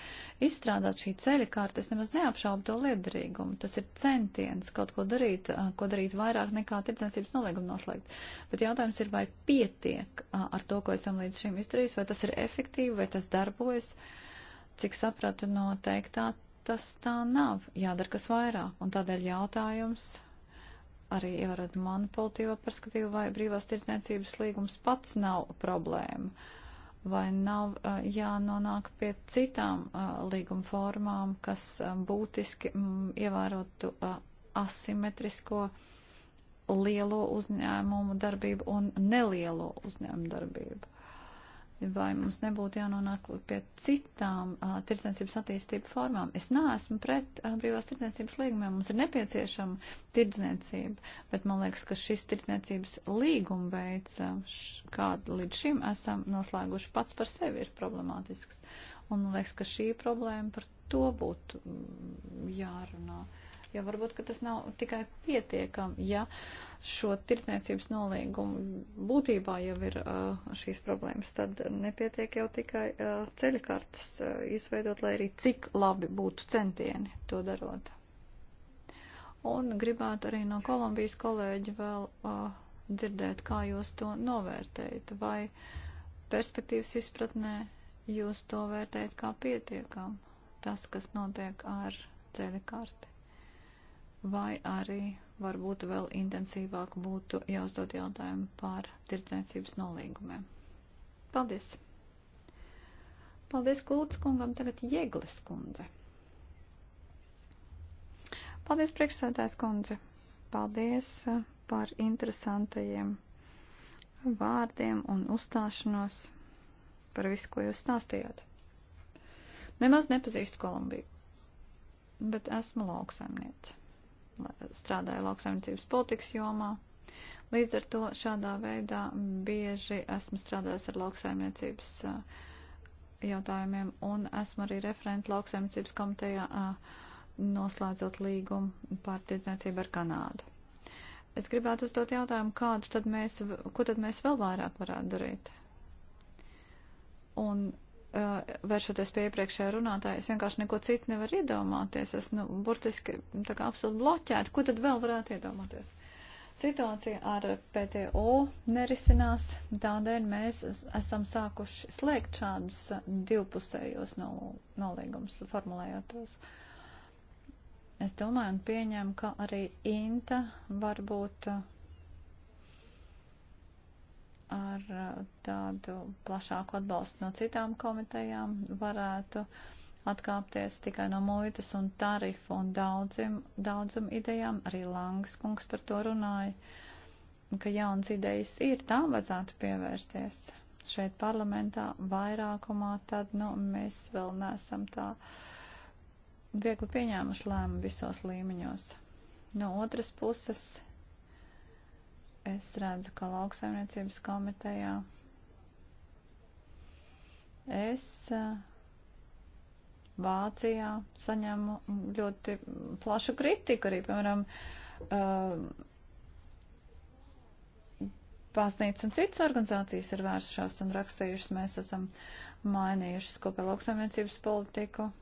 Izstrādāt šī ceļa kārta, es nemaz neapšaubu to liederīgumu. Tas ir centiens kaut ko darīt, ko darīt vairāk nekā tirdzniecības nolīgumu noslēgt. Bet jautājums ir, vai pietiek ar to, ko esam līdz šim izdarījis, vai tas ir efektīvi, vai tas darbojas. Cik sapratu noteiktā, tas tā nav. Jādara kas vairāk. Un tādēļ jautājums arī ievarot manu politīvo perskatīvu vai brīvās tirdzniecības līgums pats nav problēma vai nav jānonāk pie citām līguma formām, kas būtiski ievērotu asimetrisko lielo uzņēmumu darbību un nelielo uzņēmumu darbību vai mums nebūtu jānonāk pie citām uh, tirdzniecības attīstību formām. Es neesmu pret uh, brīvās tirdzniecības līgumiem, mums ir nepieciešama tirdzniecība, bet man liekas, ka šis tirdzniecības līguma veids, uh, kādu līdz šim esam noslēguši, pats par sevi ir problemātisks. Un man liekas, ka šī problēma par to būtu jārunā. Uh, jo varbūt, ka tas nav tikai pietiekam, ja šo tirdzniecības nolīgumu būtībā jau ir uh, šīs problēmas, tad nepietiek jau tikai uh, ceļkartas uh, izveidot, lai arī cik labi būtu centieni to darot. Un gribētu arī no Kolumbijas kolēģi vēl uh, dzirdēt, kā jūs to novērtējat, vai perspektīvas izpratnē jūs to vērtējat kā pietiekam, tas, kas notiek ar ceļa karti vai arī varbūt vēl intensīvāk būtu jāuzdod jautājumu par tirdzniecības nolīgumiem. Paldies! Paldies Klūtas kungam, tagad Jegles kundze. Paldies priekšsētājs kundze. Paldies eh, par interesantajiem vārdiem un uzstāšanos par visu, ko jūs stāstījāt. Nemaz nepazīstu Kolumbiju, bet esmu lauksaimniece strādāju lauksaimniecības politikas jomā. Līdz ar to šādā veidā bieži esmu strādājis ar lauksaimniecības uh, jautājumiem un esmu arī referenta lauksaimniecības komitejā uh, noslēdzot līgumu par tirdzniecību ar Kanādu. Es gribētu uzdot jautājumu, kādu tad mēs, ko tad mēs vēl vairāk varētu darīt? Un Uh, vēršoties pie iepriekšējā runātāja, es vienkārši neko citu nevaru iedomāties. Es, nu, burtiski tā kā absolūti bloķētu. Ko tad vēl varētu iedomāties? Situācija ar PTO nerisinās, tādēļ mēs esam sākuši slēgt šādus divpusējos nolīgumus, formulējot tos. Es domāju un pieņemu, ka arī INTA varbūt uh, ar uh, tādu plašāku atbalstu no citām komitejām varētu atkāpties tikai no muitas un tarifu un daudzim, daudzam idejām. Arī Langs kungs par to runāja, ka jauns idejas ir, tām vajadzētu pievērsties. Šeit parlamentā vairākumā tad, nu, mēs vēl nesam tā viegli pieņēmuši lēmu visos līmeņos. No otras puses Es redzu, ka lauksaimniecības komitejā es Vācijā saņemu ļoti plašu kritiku arī, piemēram, Pāsnīca un citas organizācijas ir vērsušās un rakstījušas, mēs esam mainījušas kopē lauksaimniecības politiku,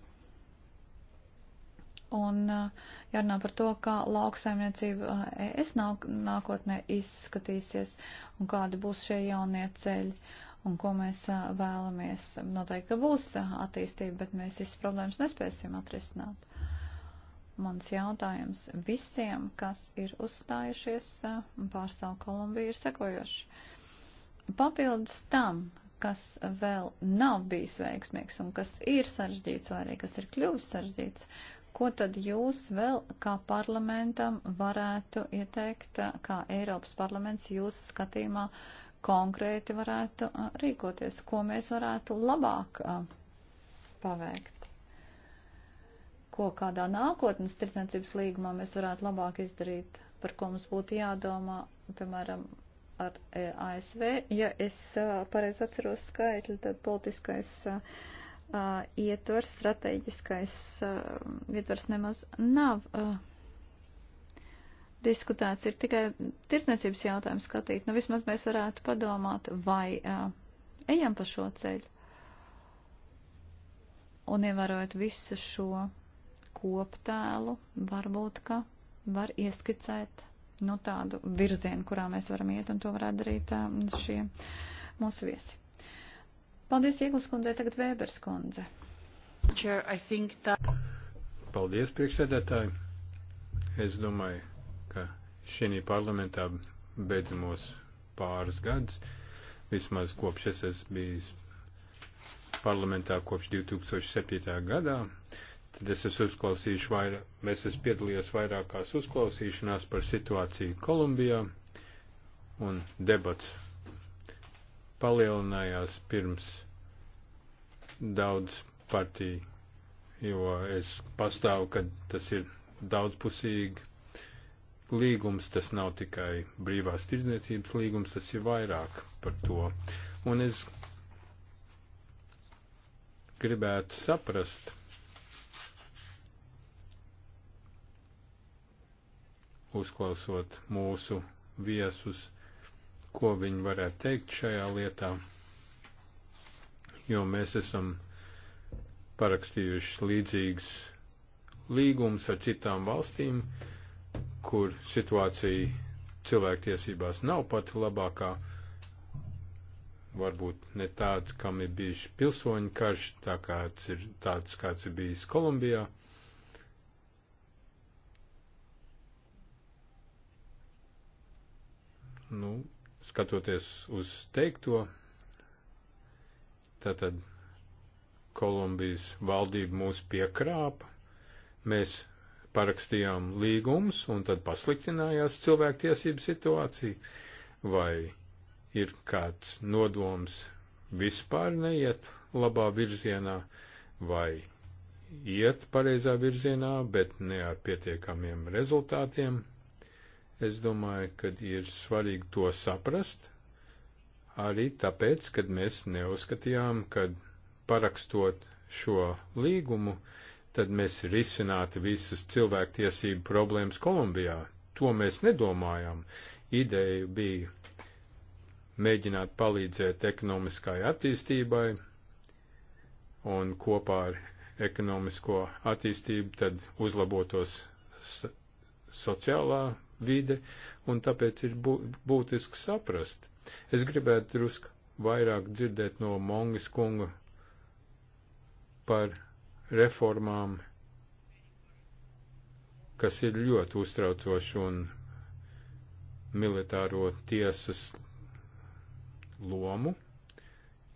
Un eh, jārunā par to, kā lauksaimniecība eh, es nāk, nākotnē izskatīsies un kādi būs šie jaunie ceļi un ko mēs eh, vēlamies. Noteikti, ka būs attīstība, bet mēs visas problēmas nespēsim atrisināt. Mans jautājums visiem, kas ir uzstājušies un pārstāv Kolumbiju, ir sekojošs. Papildus tam, kas vēl nav bijis veiksmīgs un kas ir sarežģīts vai arī kas ir kļuvis sarežģīts, Ko tad jūs vēl kā parlamentam varētu ieteikt, kā Eiropas parlaments jūsu skatījumā konkrēti varētu rīkoties? Ko mēs varētu labāk paveikt? Ko kādā nākotnes tirdzniecības līgumā mēs varētu labāk izdarīt? Par ko mums būtu jādomā, piemēram, ar e, ASV. Ja es pareizi atceros skaitļi, tad politiskais uh, ietvers, strateģiskais uh, ietvers nemaz nav uh, diskutēts. Ir tikai tirdzniecības jautājums skatīt. Nu, vismaz mēs varētu padomāt, vai uh, ejam pa šo ceļu. Un ievērojot visu šo koptēlu, varbūt, ka var ieskicēt nu, tādu virzienu, kurā mēs varam iet, un to varētu darīt uh, šie mūsu viesi. Paldies, Ieglis kundze, tagad Vēbers kundze. Paldies, priekšsēdētāji. Es domāju, ka šī parlamentā beidzamos pāris gadus, vismaz kopš es esmu bijis parlamentā kopš 2007. gadā, tad es esmu uzklausījis vairāk, es esmu piedalījies vairākās uzklausīšanās par situāciju Kolumbijā un debats palielinājās pirms daudz partiju, jo es pastāvu, kad tas ir daudzpusīgi līgums, tas nav tikai brīvās tirdzniecības līgums, tas ir vairāk par to. Un es gribētu saprast, uzklausot mūsu viesus, ko viņi varētu teikt šajā lietā, jo mēs esam parakstījuši līdzīgas līgumus ar citām valstīm, kur situācija cilvēktiesībās nav pati labākā, varbūt ne tāds, kam ir bijis pilsoņu karš, tā kāds ir, tāds, kāds ir bijis Kolumbijā. Nu, Skatoties uz teikto, tātad Kolumbijas valdība mūs piekrāpa, mēs parakstījām līgumus un tad pasliktinājās cilvēktiesību situācija, vai ir kāds nodoms vispār neiet labā virzienā, vai iet pareizā virzienā, bet ne ar pietiekamiem rezultātiem, Es domāju, ka ir svarīgi to saprast, arī tāpēc, kad mēs neuzskatījām, ka parakstot šo līgumu, tad mēs risinātu visas cilvēktiesību problēmas Kolumbijā. To mēs nedomājām. Ideja bija mēģināt palīdzēt ekonomiskai attīstībai un kopā ar ekonomisko attīstību tad uzlabotos sociālā vide, un tāpēc ir būtiski saprast. Es gribētu drusku vairāk dzirdēt no Mongas kunga par reformām, kas ir ļoti uztraucoši un militāro tiesas lomu.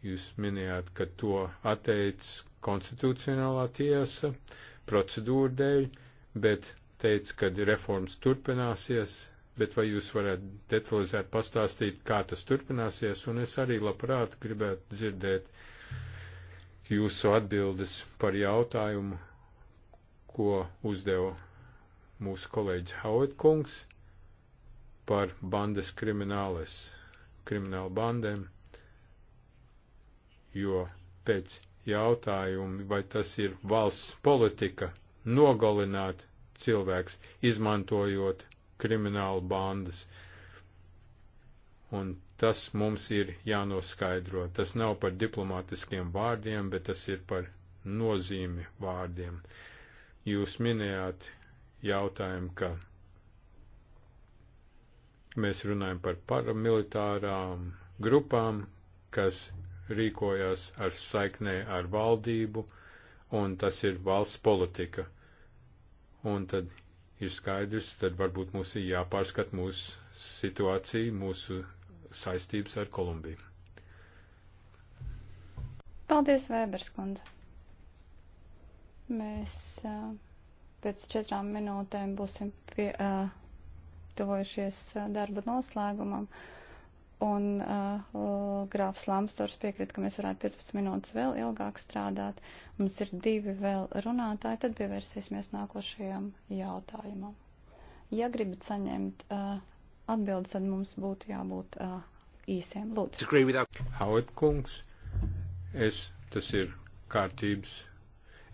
Jūs minējāt, ka to atteic konstitucionālā tiesa procedūra dēļ, bet teica, ka reformas turpināsies, bet vai jūs varētu detalizēt pastāstīt, kā tas turpināsies, un es arī labprāt gribētu dzirdēt jūsu atbildes par jautājumu, ko uzdeva mūsu kolēģis Howard Kungs par bandas krimināles, kriminālu bandēm, jo pēc jautājumi, vai tas ir valsts politika nogalināt cilvēks, izmantojot kriminālu bandas. Un tas mums ir jānoskaidro. Tas nav par diplomātiskiem vārdiem, bet tas ir par nozīmi vārdiem. Jūs minējāt jautājumu, ka mēs runājam par paramilitārām grupām, kas rīkojās ar saiknē ar valdību, un tas ir valsts politika. Un tad ir skaidrs, tad varbūt mums ir jāpārskat mūsu situācija, mūsu saistības ar Kolumbiju. Paldies, Vēberskundze. Mēs pēc četrām minūtēm būsim pie, tuvojušies darba noslēgumam. Un uh, grāfs Lamstors piekrita, ka mēs varētu 15 minūtes vēl ilgāk strādāt. Mums ir divi vēl runātāji, tad pievērsīsimies nākošajam jautājumam. Ja gribat saņemt uh, atbildes, tad mums būtu jābūt uh, īsiem. Lūdzu. Howard kungs, es, tas ir kārtības.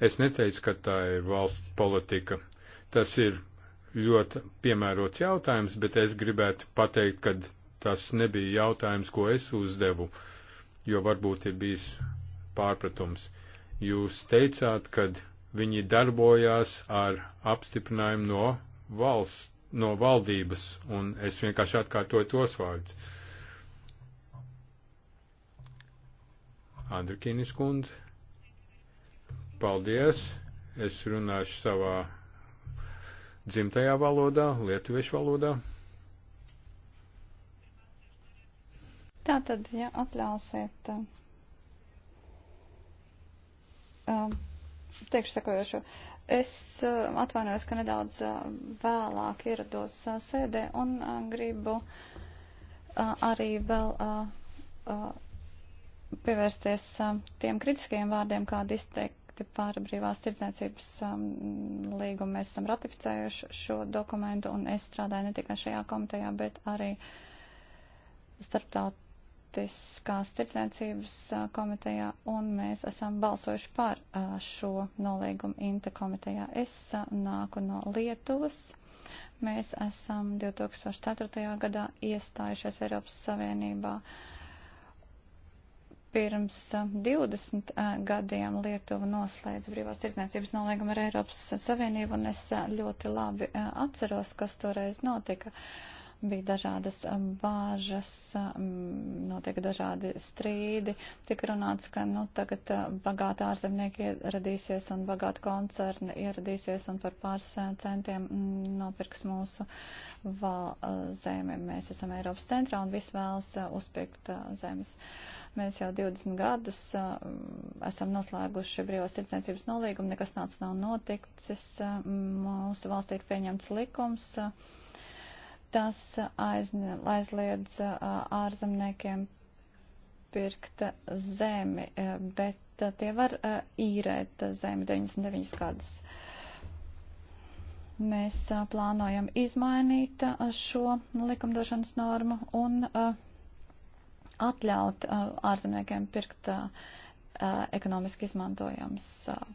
Es neteicu, ka tā ir valsts politika. Tas ir ļoti piemērots jautājums, bet es gribētu pateikt, kad tas nebija jautājums, ko es uzdevu, jo varbūt ir bijis pārpratums. Jūs teicāt, ka viņi darbojās ar apstiprinājumu no valsts, no valdības, un es vienkārši atkārtoju tos vārdus. Andrikinis kundze, paldies, es runāšu savā dzimtajā valodā, lietuviešu valodā. Tātad, ja atļausiet, uh, eh, teikšu eh, sekojošo. Es uh, atvainojos, ka nedaudz uh, vēlāk ierados uh, sēdē un uh, gribu uh, arī vēl. Uh, uh, pievērsties tiem kritiskajiem vārdiem, kādi izteikti par brīvās tirdzniecības līgumu. Mēs esam ratificējuši šo dokumentu, un es strādāju ne tikai šajā komitejā, bet arī starptaut starptautiskās tirdzniecības komitejā, un mēs esam balsojuši par šo nolīgumu Inta komitejā. Es nāku no Lietuvas. Mēs esam 2004. gadā iestājušies Eiropas Savienībā. Pirms 20 gadiem Lietuva noslēdz brīvās tirdzniecības nolīgumu ar Eiropas Savienību, un es ļoti labi atceros, kas toreiz notika. Uh, bija dažādas um, bāžas, um, notiek dažādi strīdi. Tik runāts, ka nu, tagad uh, bagāti ārzemnieki ieradīsies un bagāti koncerni ieradīsies un par pāris uh, centiem mm, nopirks mūsu uh, zemi. Mēs esam Eiropas centrā un viss vēlas uzpirkt zemes. Mēs jau 20 gadus esam noslēguši brīvās tirdzniecības nolīgumu, nekas nāc nav noticis. Mūsu valstī ir pieņemts likums. Uh, Tas aizliedz ārzemniekiem pirkt zemi, bet tie var īrēt zemi 99 gadus. Mēs plānojam izmainīt šo likumdošanas normu un atļaut ārzemniekiem pirkt zemi ekonomiski izmantojams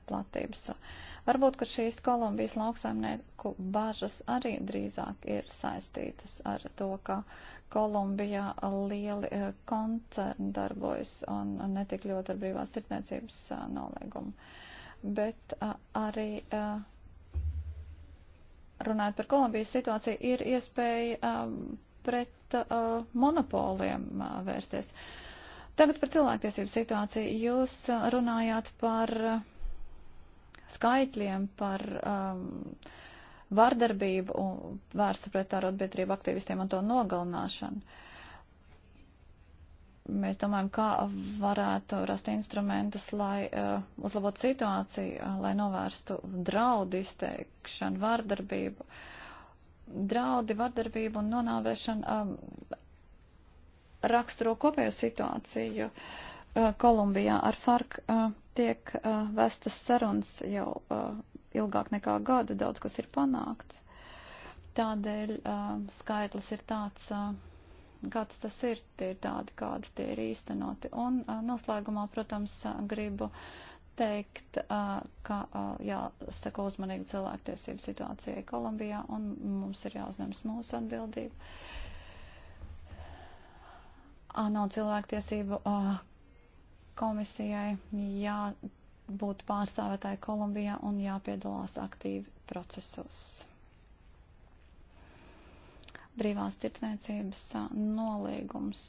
platības. Varbūt, ka šīs Kolumbijas lauksaimnieku bažas arī drīzāk ir saistītas ar to, ka Kolumbijā lieli koncerni darbojas un netik ļoti ar brīvās tirtniecības noliegumu. Bet arī runājot par Kolumbijas situāciju, ir iespēja pret monopoliem vērsties. Uh, Tagad par cilvēktiesību situāciju. Jūs uh, runājāt par uh, skaitļiem, par um, vardarbību vērstu pret arotbiedrību aktīvistiem un to nogalināšanu. Mēs domājam, kā varētu rast instrumentus, lai uh, uzlabotu situāciju, uh, lai novērstu draudu izteikšanu, vardarbību. Draudi, vardarbību un nonāvēšanu um, raksturo kopējo situāciju uh, Kolumbijā. Ar FARC uh, tiek uh, vestas sarunas jau ilgāk nekā gadu, daudz kas ir panākts. Tādēļ skaitlis ir tāds, kāds tas ir, tie ir tādi, kādi tie ir īstenoti. Un noslēgumā, protams, gribu teikt, ka jāseko uzmanīgi cilvēktiesību situācijai Kolumbijā un mums ir jāuzņems mūsu atbildību. ANO ah, cilvēktiesību ah, komisijai jābūt pārstāvētāji Kolumbijā un jāpiedalās aktīvi procesos. Brīvās tirdzniecības ah, nolīgums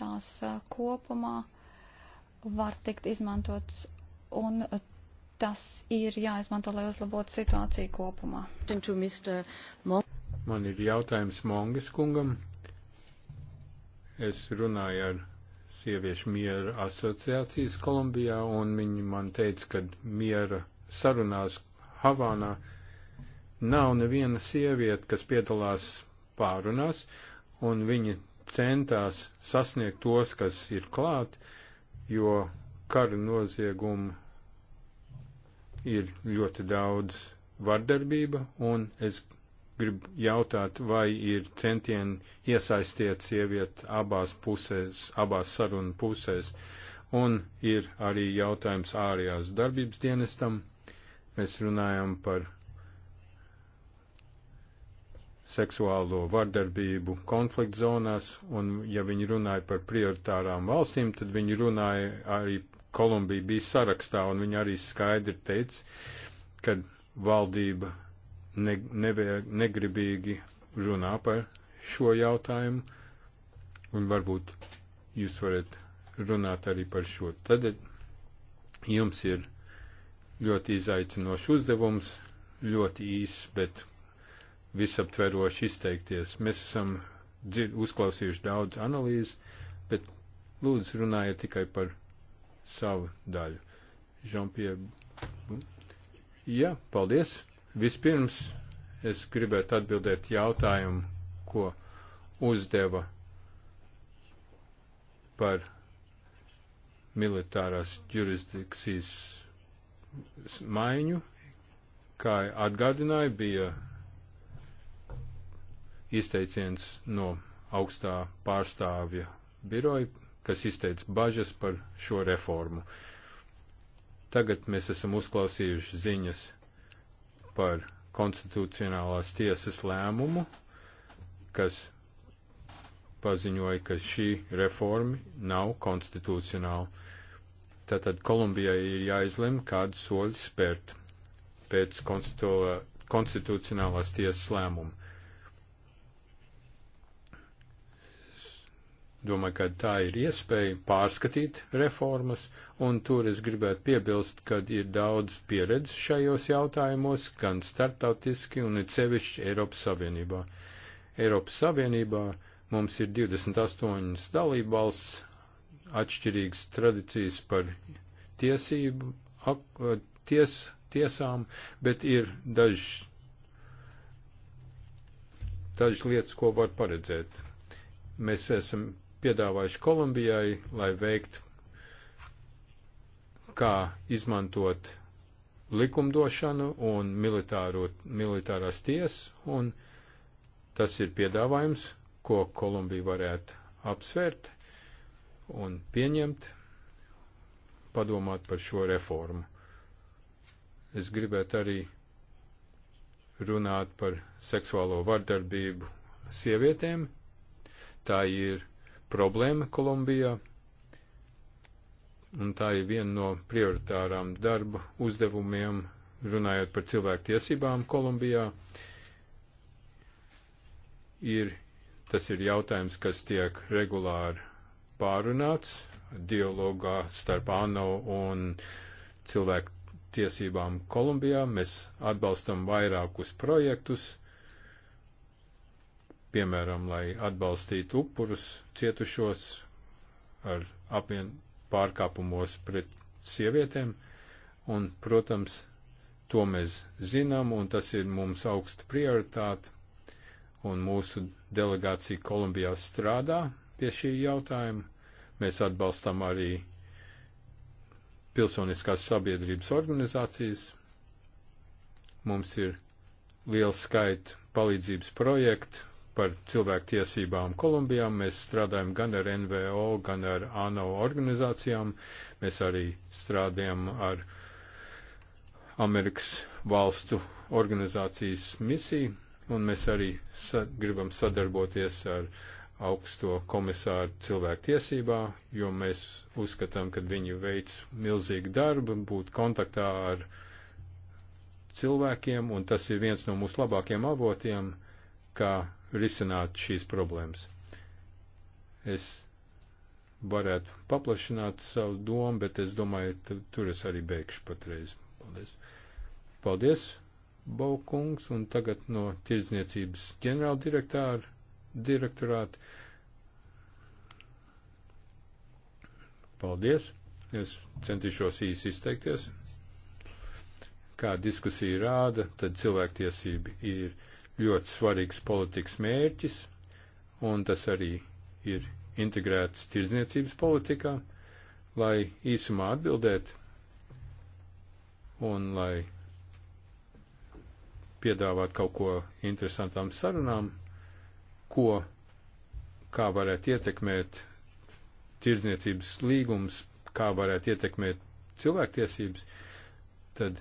tās kopumā var tikt izmantots un tas ir jāizmanto, lai uzlabotu situāciju kopumā. Man ir jautājums Mongas kungam. Es runāju ar sieviešu miera asociācijas Kolumbijā, un viņi man teica, ka miera sarunās Havānā nav neviena sieviete, kas piedalās pārunās, un viņi centās sasniegt tos, kas ir klāt, jo kara noziegumu ir ļoti daudz vardarbība, un es gribu jautāt, vai ir centieni iesaistīt sievieti abās pusēs, abās sarunu pusēs. Un ir arī jautājums ārējās darbības dienestam. Mēs runājam par seksuālo vardarbību konflikt zonās, un ja viņi runāja par prioritārām valstīm, tad viņi runāja arī Kolumbija bija sarakstā, un viņi arī skaidri teica, ka valdība ne, nevajag negribīgi runā par šo jautājumu, un varbūt jūs varat runāt arī par šo. Tad jums ir ļoti izaicinošs uzdevums, ļoti īs, bet visaptveroši izteikties. Mēs esam dzir, uzklausījuši daudz analīzes, bet lūdzu runājiet tikai par savu daļu. Jean-Pierre. Jā, paldies! Vispirms es gribētu atbildēt jautājumu, ko uzdeva par militārās jurisdikcijas maiņu, kā atgādināja, bija izteiciens no augstā pārstāvja biroja, kas izteica bažas par šo reformu. Tagad mēs esam uzklausījuši ziņas par konstitucionālās tiesas lēmumu, kas paziņoja, ka šī reforma nav konstitucionāla. Tātad Kolumbijai ir jāizlem, kādu soļu spērt pēc konstitucionālās tiesas lēmuma. Domāju, ka tā ir iespēja pārskatīt reformas, un tur es gribētu piebilst, ka ir daudz pieredzes šajos jautājumos, gan startautiski un it sevišķi Eiropas Savienībā. Eiropas Savienībā mums ir 28 dalībvalsts, atšķirīgas tradīcijas par tiesību, ak, ties, tiesām, bet ir daži, daži lietas, ko var paredzēt. Mēs esam piedāvājuši Kolumbijai, lai veikt, kā izmantot likumdošanu un militāro, militārās tiesas, un tas ir piedāvājums, ko Kolumbija varētu apsvērt un pieņemt, padomāt par šo reformu. Es gribētu arī runāt par seksuālo vardarbību sievietēm. Tā ir problēma Kolumbijā, un tā ir viena no prioritārām darba uzdevumiem, runājot par cilvēku tiesībām Kolumbijā. Ir, tas ir jautājums, kas tiek regulāri pārunāts dialogā starp ANO un cilvēku tiesībām Kolumbijā. Mēs atbalstam vairākus projektus piemēram, lai atbalstītu upurus cietušos ar apvien pārkāpumos pret sievietēm, un, protams, to mēs zinām, un tas ir mums augsta prioritāte, un mūsu delegācija Kolumbijā strādā pie šī jautājuma. Mēs atbalstam arī pilsoniskās sabiedrības organizācijas. Mums ir liels skaits palīdzības projektu par cilvēku tiesībām Kolumbijā. Mēs strādājam gan ar NVO, gan ar ANO organizācijām. Mēs arī strādājam ar Amerikas valstu organizācijas misiju, un mēs arī sa gribam sadarboties ar augsto komisāru cilvēktiesībā, jo mēs uzskatām, ka viņi veic milzīgu darbu, būt kontaktā ar cilvēkiem, un tas ir viens no mūsu labākiem avotiem, kā risināt šīs problēmas. Es varētu paplašināt savu domu, bet es domāju, tur es arī beigšu patreiz. Paldies. Paldies, Baukungs, un tagad no tirdzniecības ģenerāldirektāra direktorāta. Paldies. Es centīšos īsi izteikties. Kā diskusija rāda, tad cilvēktiesība ir ļoti svarīgs politikas mērķis, un tas arī ir integrēts tirdzniecības politikā, lai īsumā atbildēt un lai piedāvāt kaut ko interesantām sarunām, ko, kā varētu ietekmēt tirdzniecības līgums, kā varētu ietekmēt cilvēktiesības, tad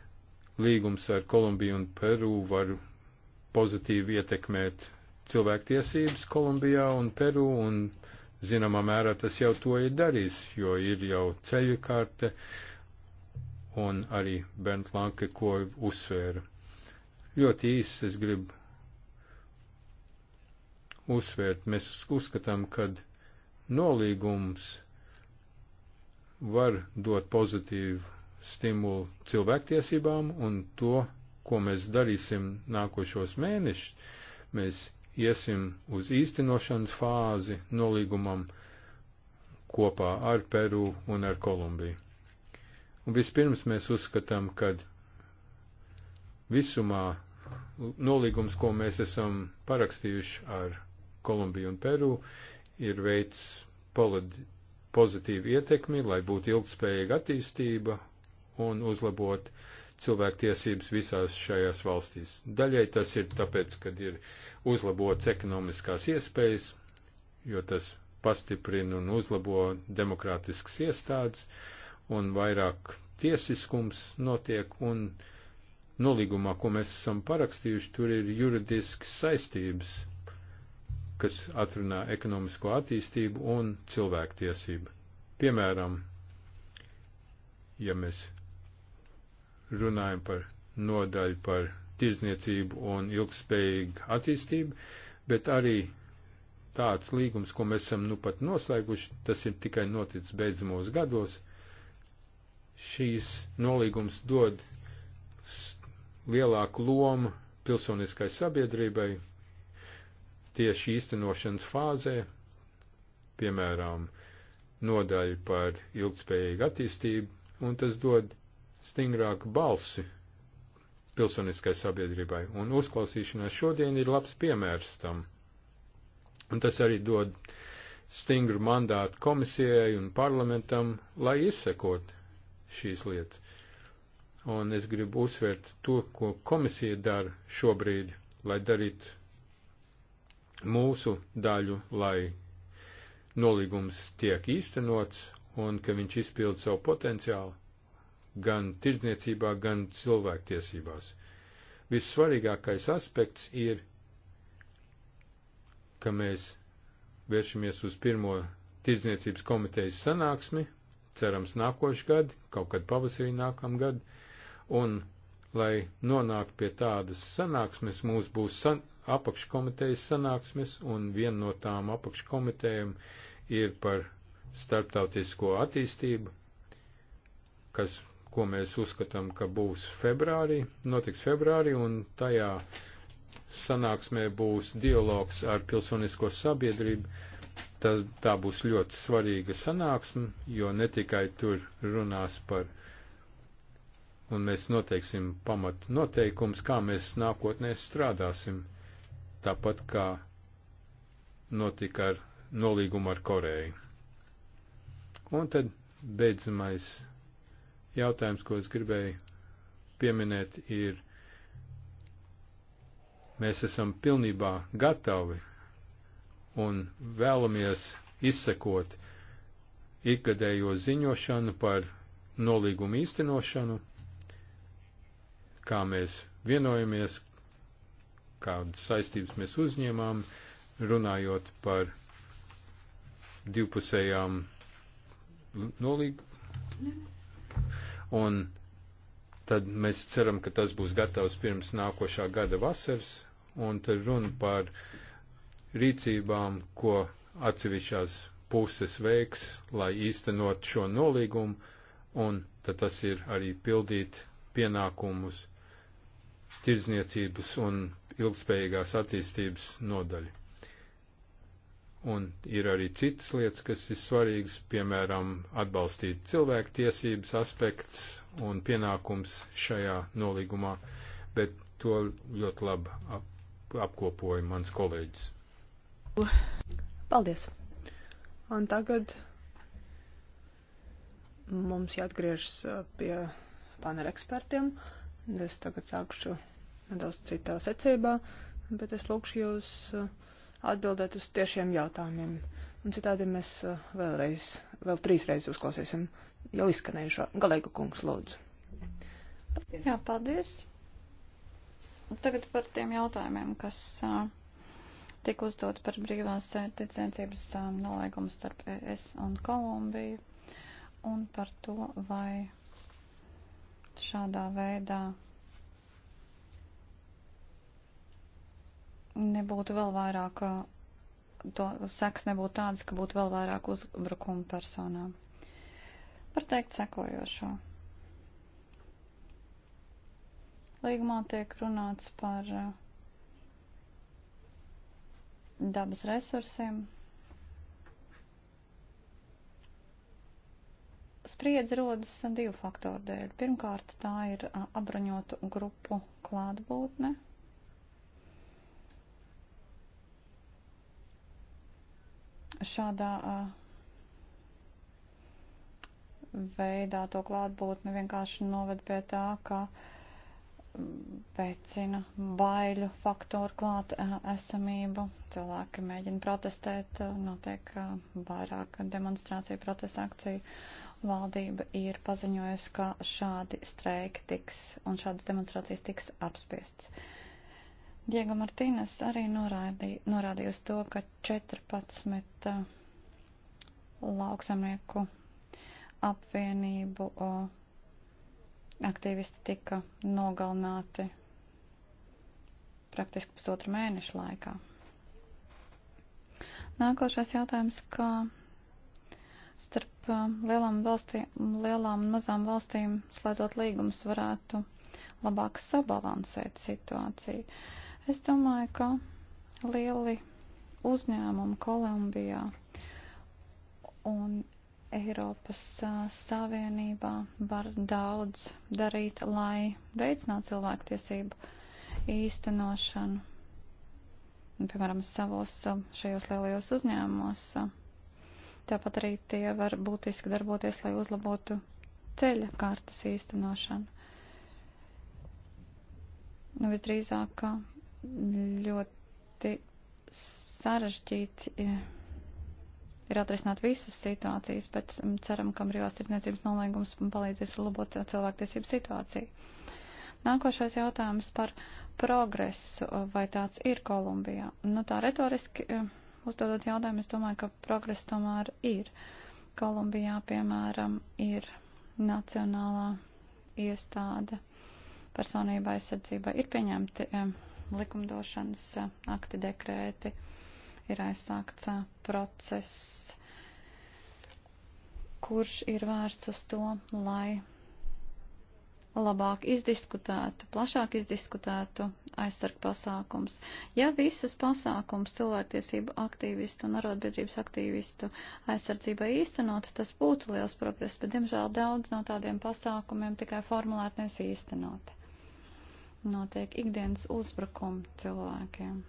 līgums ar Kolumbiju un Peru var pozitīvi ietekmēt cilvēktiesības Kolumbijā un Peru, un zināmā mērā tas jau to ir darījis, jo ir jau ceļu karte, un arī Bernt Lanke, ko uzsvēra. Ļoti īsi es gribu uzsvērt, mēs uzskatām, ka nolīgums var dot pozitīvu stimulu cilvēktiesībām, un to ko mēs darīsim nākošos mēnešus. Mēs iesim uz īstenošanas fāzi nolīgumam kopā ar Peru un ar Kolumbiju. Un vispirms mēs uzskatām, ka visumā nolīgums, ko mēs esam parakstījuši ar Kolumbiju un Peru, ir veids pozitīvu ietekmi, lai būtu ilgspējīga attīstība un uzlabot uh, cilvēktiesības visās šajās valstīs. Daļai tas ir tāpēc, kad ir uzlabots ekonomiskās iespējas, jo tas pastiprina un uzlabo demokrātiskas iestādes, un vairāk tiesiskums notiek, un nolīgumā, ko mēs esam parakstījuši, tur ir juridiskas saistības, kas atrunā ekonomisko attīstību un cilvēktiesību. Piemēram, ja mēs runājam par nodaļu par tirzniecību un ilgspējīgu attīstību, bet arī tāds līgums, ko mēs esam nu pat noslēguši, tas ir tikai noticis beidzamos gados. Šīs nolīgums dod lielāku lomu pilsoniskai sabiedrībai tieši īstenošanas fāzē, piemēram, nodaļu par ilgspējīgu attīstību, un tas dod stingrāku balsi pilsoniskai sabiedrībai, un uzklausīšanās šodien ir labs piemērs tam. Un tas arī dod stingru mandātu komisijai un parlamentam, lai izsekot šīs lietas. Un es gribu uzsvērt to, ko komisija dara šobrīd, lai darītu mūsu daļu, lai nolīgums tiek īstenots un ka viņš izpild savu potenciālu gan tirdzniecībā, gan cilvēktiesībās. Vissvarīgākais aspekts ir, ka mēs vēršamies uz pirmo tirdzniecības komitejas sanāksmi, cerams nākošgad, kaut kad pavasarī nākamgad, un, lai nonāktu pie tādas sanāksmes, mums būs san apakškomitejas sanāksmes, un viena no tām apakškomitejām ir par starptautisko attīstību, kas ko mēs uzskatām, ka būs februārī, notiks februārī, un tajā sanāksmē būs dialogs ar pilsonisko sabiedrību. Tā, tā būs ļoti svarīga sanāksme, jo ne tikai tur runās par, un mēs noteiksim pamat noteikums, kā mēs nākotnē strādāsim, tāpat kā notika ar nolīgumu ar Koreju. Un tad beidzamais jautājums, ko es gribēju pieminēt, ir, mēs esam pilnībā gatavi un vēlamies izsekot ikgadējo ziņošanu par nolīgumu īstenošanu, kā mēs vienojamies, kādas saistības mēs uzņēmām, runājot par divpusējām nolīgumu un tad mēs ceram, ka tas būs gatavs pirms nākošā gada vasaras, un tad runa par rīcībām, ko atsevišķās puses veiks, lai īstenot šo nolīgumu, un tad tas ir arī pildīt pienākumus tirdzniecības un ilgspējīgās attīstības nodaļa. Un ir arī citas lietas, kas ir svarīgas, piemēram, atbalstīt cilvēku tiesības aspekts un pienākums šajā nolīgumā, bet to ļoti labi ap, apkopoja mans kolēģis. Paldies! Un tagad mums jāatgriežas uh, pie panel ekspertiem. Es tagad sākšu nedaudz citā secībā, bet es lūkšu jūs. Uh, atbildēt uz tiešiem jautājumiem. Un citādi mēs uh, vēlreiz, vēl trīs reizes uzklausīsim jau izskanējušo. Galēga kungs, lūdzu. Paldies. Jā, paldies. Un tagad par tiem jautājumiem, kas uh, tiek uzdot par brīvās ticēncības um, nolēgumu starp ES un Kolumbiju un par to, vai šādā veidā nebūtu vēl vairāk, to seks nebūtu tāds, ka būtu vēl vairāk uzbrukumu personām. Var teikt sekojošo. Līgumā tiek runāts par dabas resursiem. Spriedzi rodas divu faktoru dēļ. Pirmkārt, tā ir apbruņotu grupu klātbūtne. šādā veidā to klātbūtni vienkārši noved pie tā, ka veicina baiļu faktoru klāt esamību. Cilvēki mēģina protestēt, notiek vairāk demonstrāciju, protesta akciju. Valdība ir paziņojusi, ka šādi streiki tiks un šādas demonstrācijas tiks apspiests. Uh, Diego Martīnas arī norādīja, norādīja uz to, ka 14 uh, eh, lauksamnieku apvienību uh, aktīvisti tika nogalināti praktiski pusotru mēnešu laikā. Nākošais jautājums, kā starp uh, lielām, valstī, lielām un mazām valstīm slēdzot līgumus varētu labāk sabalansēt situāciju. Uh, Es domāju, ka lieli uzņēmumi Kolumbijā un Eiropas Savienībā var daudz darīt, lai veicinātu cilvēktiesību īstenošanu. Piemēram, savos šajos lielajos uzņēmumos. Tāpat arī tie var būtiski darboties, lai uzlabotu ceļa kartas īstenošanu. Nu, visdrīzāk, ļoti sarežģīti e, ir atrisināt visas situācijas, bet ceram, ka brīvās tirdzniecības nolīgums palīdzēs labot cilvēktiesību situāciju. Nākošais jautājums par progresu, vai tāds ir Kolumbijā. Nu, tā retoriski e, uzdodot jautājumu, es domāju, ka progress tomēr ir. Kolumbijā, piemēram, ir nacionālā iestāde personība aizsardzībai. Ir pieņemti e, likumdošanas akti dekrēti, ir aizsākts process, kurš ir vērsts uz to, lai labāk izdiskutētu, plašāk izdiskutētu aizsargu pasākums. Ja visus pasākums cilvēktiesību aktīvistu un arotbiedrības aktīvistu aizsardzībai īstenot, tas būtu liels progress, bet, diemžēl, daudz no tādiem pasākumiem tikai formulēt nes īstenot notiek ikdienas uzbrukumi cilvēkiem.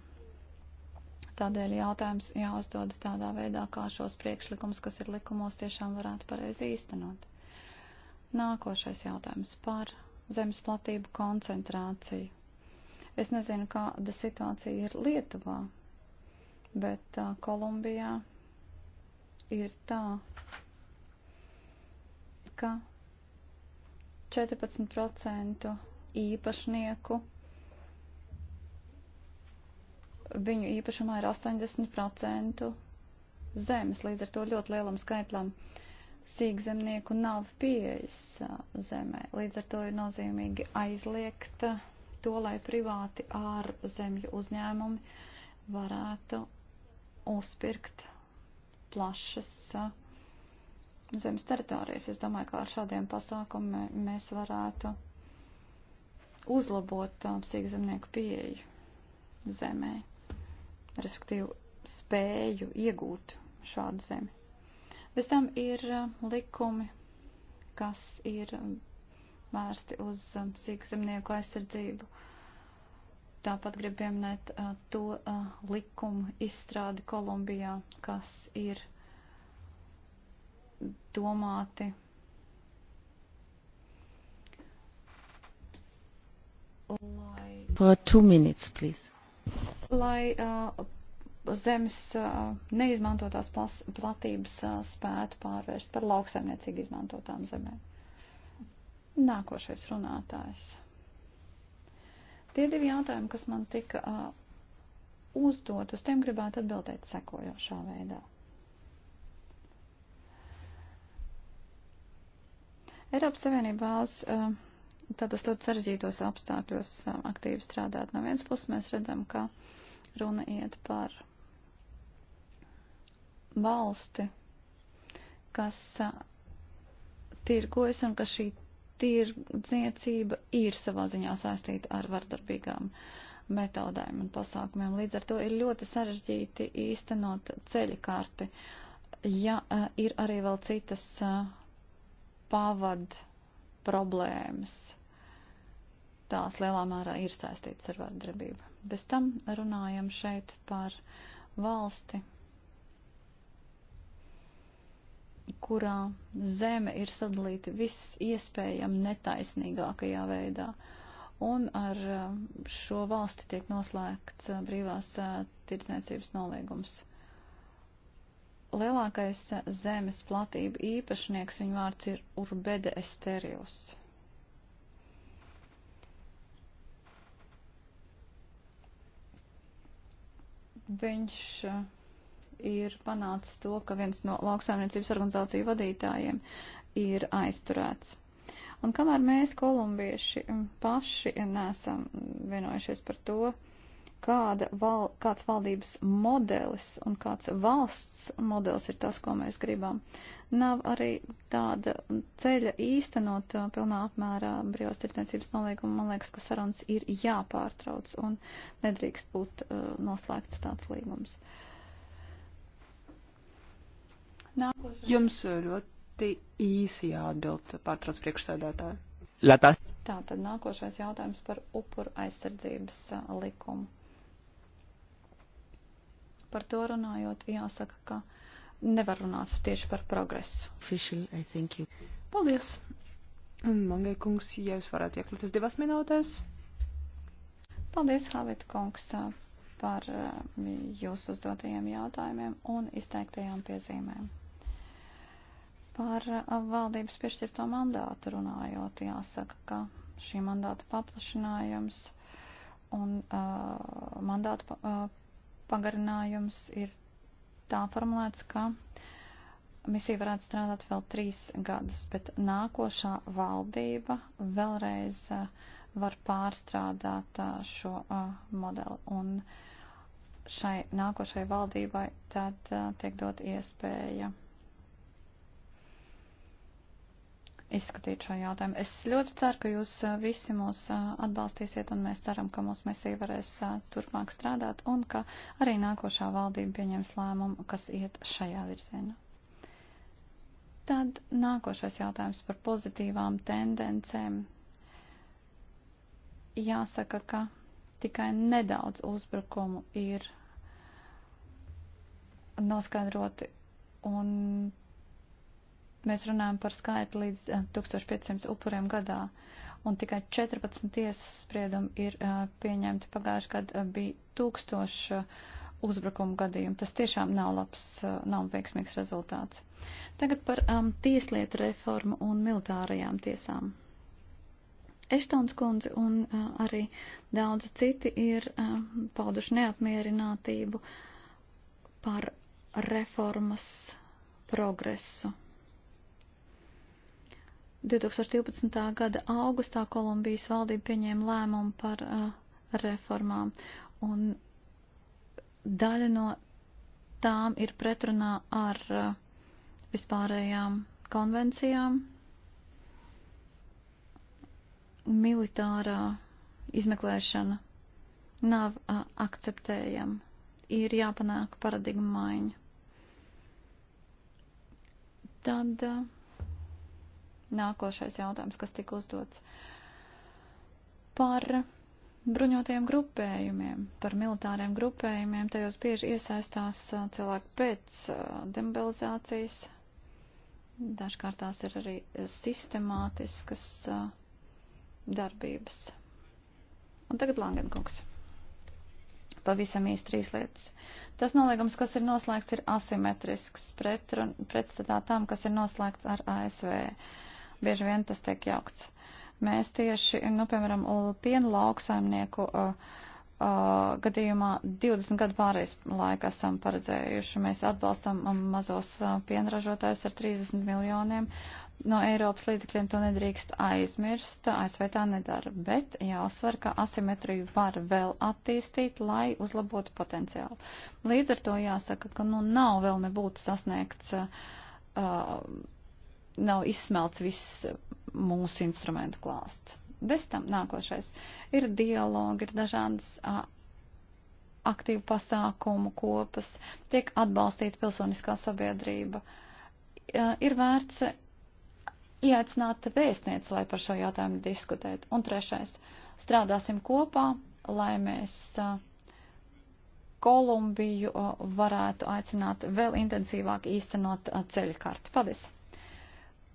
Tādēļ jautājums jāuzdod tādā veidā, kā šos priekšlikumus, kas ir likumos, tiešām varētu pareizi īstenot. Nākošais jautājums par zemes platību koncentrāciju. Es nezinu, kāda situācija ir Lietuvā, bet uh, Kolumbijā ir tā, ka 14% īpašnieku. Viņu īpašumā ir 80% zemes, līdz ar to ļoti lielam skaitlam sīkzemnieku nav pieejas zemē. Līdz ar to ir nozīmīgi aizliegt to, lai privāti ar zemju uzņēmumi varētu uzpirkt plašas zemes teritorijas. Es domāju, ka ar šādiem pasākumiem mēs varētu uzlabot um, sīkzemnieku pieeju zemē, respektīvi spēju iegūt šādu zemi. Bez tam ir um, likumi, kas ir um, vērsti uz sīkzemnieku aizsardzību. Tāpat grib pieminēt uh, to uh, likumu izstrādi Kolumbijā, kas ir domāti lai. For two minutes, please. Lai uh, zemes uh, neizmantotās plas, platības uh, spētu pārvērst par lauksaimniecīgi izmantotām zemēm. Nākošais runātājs. Tie divi jautājumi, kas man tika uh, uzdot, uz tiem gribētu atbildēt sekojošā veidā. Eiropas Savienība vēlas uh, tādos ļoti sarežģītos apstākļos um, aktīvi strādāt. No vienas puses mēs redzam, ka runa iet par valsti, kas uh, tirgojas un ka šī tirdzniecība ir savā ziņā saistīta ar vardarbīgām metodēm un pasākumiem. Līdz ar to ir ļoti sarežģīti īstenot ceļkārti, ja uh, ir arī vēl citas uh, pavad problēmas tās lielā mērā ir saistītas ar vardarbību. Bez tam runājam šeit par valsti, kurā zeme ir sadalīta viss iespējami netaisnīgākajā veidā. Un ar eh, šo valsti tiek noslēgts eh, brīvās eh, tirdzniecības noliegums. Lielākais zemes platība īpašnieks viņa vārds ir Urbede Esterius. Viņš eh, ir panācis to, ka viens no lauksaimniecības organizāciju vadītājiem ir aizturēts. Un kamēr mēs, kolumbieši, mm, paši nesam vienojušies par to, uh, kāda val, kāds valdības modelis un kāds valsts modelis ir tas, ko mēs gribam. Nav arī tāda ceļa īstenot uh, pilnā apmērā brīvās tirdzniecības nolīgumu. Man liekas, ka sarunas ir jāpārtrauc un nedrīkst būt uh, noslēgts tāds līgums. Nākošais. Jums uh, ļoti īsi jāatbild pārtrauc priekšsēdētāju. Tā tad nākošais jautājums par upuru aizsardzības uh, likumu par to runājot, jāsaka, ka nevar runāt tieši par progresu. Official, I think you. Paldies! Mangai kungs, ja jūs varētu iekļūties divas minūtēs. Paldies, Havit kungs, par eh, jūsu uzdotajiem jautājumiem un izteiktajām piezīmēm. Par eh, valdības piešķirto mandātu runājot, jāsaka, ka šī mandāta paplašinājums un uh, mandāta uh, pagarinājums ir tā formulēts, ka misija varētu strādāt vēl trīs gadus, bet nākošā valdība vēlreiz eh, var pārstrādāt eh, šo eh, modeli. Un šai nākošai valdībai tad tiek dot iespēja izskatīt šo jautājumu. Es ļoti ceru, ka jūs visi mūs atbalstīsiet, un mēs ceram, ka mūsu mesija varēs turpmāk strādāt, un ka arī nākošā valdība pieņems lēmumu, kas iet šajā virzienā. Tad nākošais jautājums par pozitīvām tendencēm. Jāsaka, ka tikai nedaudz uzbrukumu ir noskaidroti, un mēs runājam par skaitu līdz 1500 eh, upuriem gadā, un tikai 14 tiesas spriedumi ir eh, pieņemti pagājuši gadu, eh, bija tūkstoši uzbrukumu gadījumu. Tas tiešām nav labs, nav veiksmīgs rezultāts. Tagad par um, tieslietu reformu un militārajām tiesām. Eštons kundze un uh, arī daudz citi ir uh, pauduši neapmierinātību par reformas progresu. 2012. gada augustā Kolumbijas valdība pieņēma lēmumu par uh, reformām, un daļa no tām ir pretrunā ar uh, vispārējām konvencijām. Militārā izmeklēšana nav uh, akceptējama. Ir jāpanāk paradigma maiņa. Tad uh, Nākošais jautājums, kas tika uzdots par bruņotajiem grupējumiem, par militāriem grupējumiem, tajos bieži iesaistās uh, cilvēki pēc uh, demobilizācijas. Dažkārt tās ir arī sistemātiskas uh, darbības. Un tagad Langenkungs pavisam īsti trīs lietas. Tas nolīgums, kas ir noslēgts, ir asimetrisks pretstatā tam, kas ir noslēgts ar ASV bieži vien tas tiek jaukts. Mēs tieši, nu, piemēram, piena lauksaimnieku uh, uh, gadījumā 20 gadu pārējais laika esam paredzējuši. Mēs atbalstam mazos uh, pienražotājus ar 30 miljoniem. No Eiropas līdzekļiem to nedrīkst aizmirst, ASV tā nedara, bet jāuzsver, ka asimetriju var vēl attīstīt, lai uzlabotu potenciālu. Līdz ar to jāsaka, ka nu nav vēl nebūtu sasniegts uh, nav izsmelts viss mūsu instrumentu klāsts. Bez tam nākošais ir dialogi, ir dažādas aktīvu pasākumu kopas, tiek atbalstīta pilsoniskā sabiedrība. Ir vērts ieaicināt vēstnieci, lai par šo jautājumu diskutētu. Un trešais - strādāsim kopā, lai mēs Kolumbiju varētu aicināt vēl intensīvāk īstenot ceļkarti. Paldies!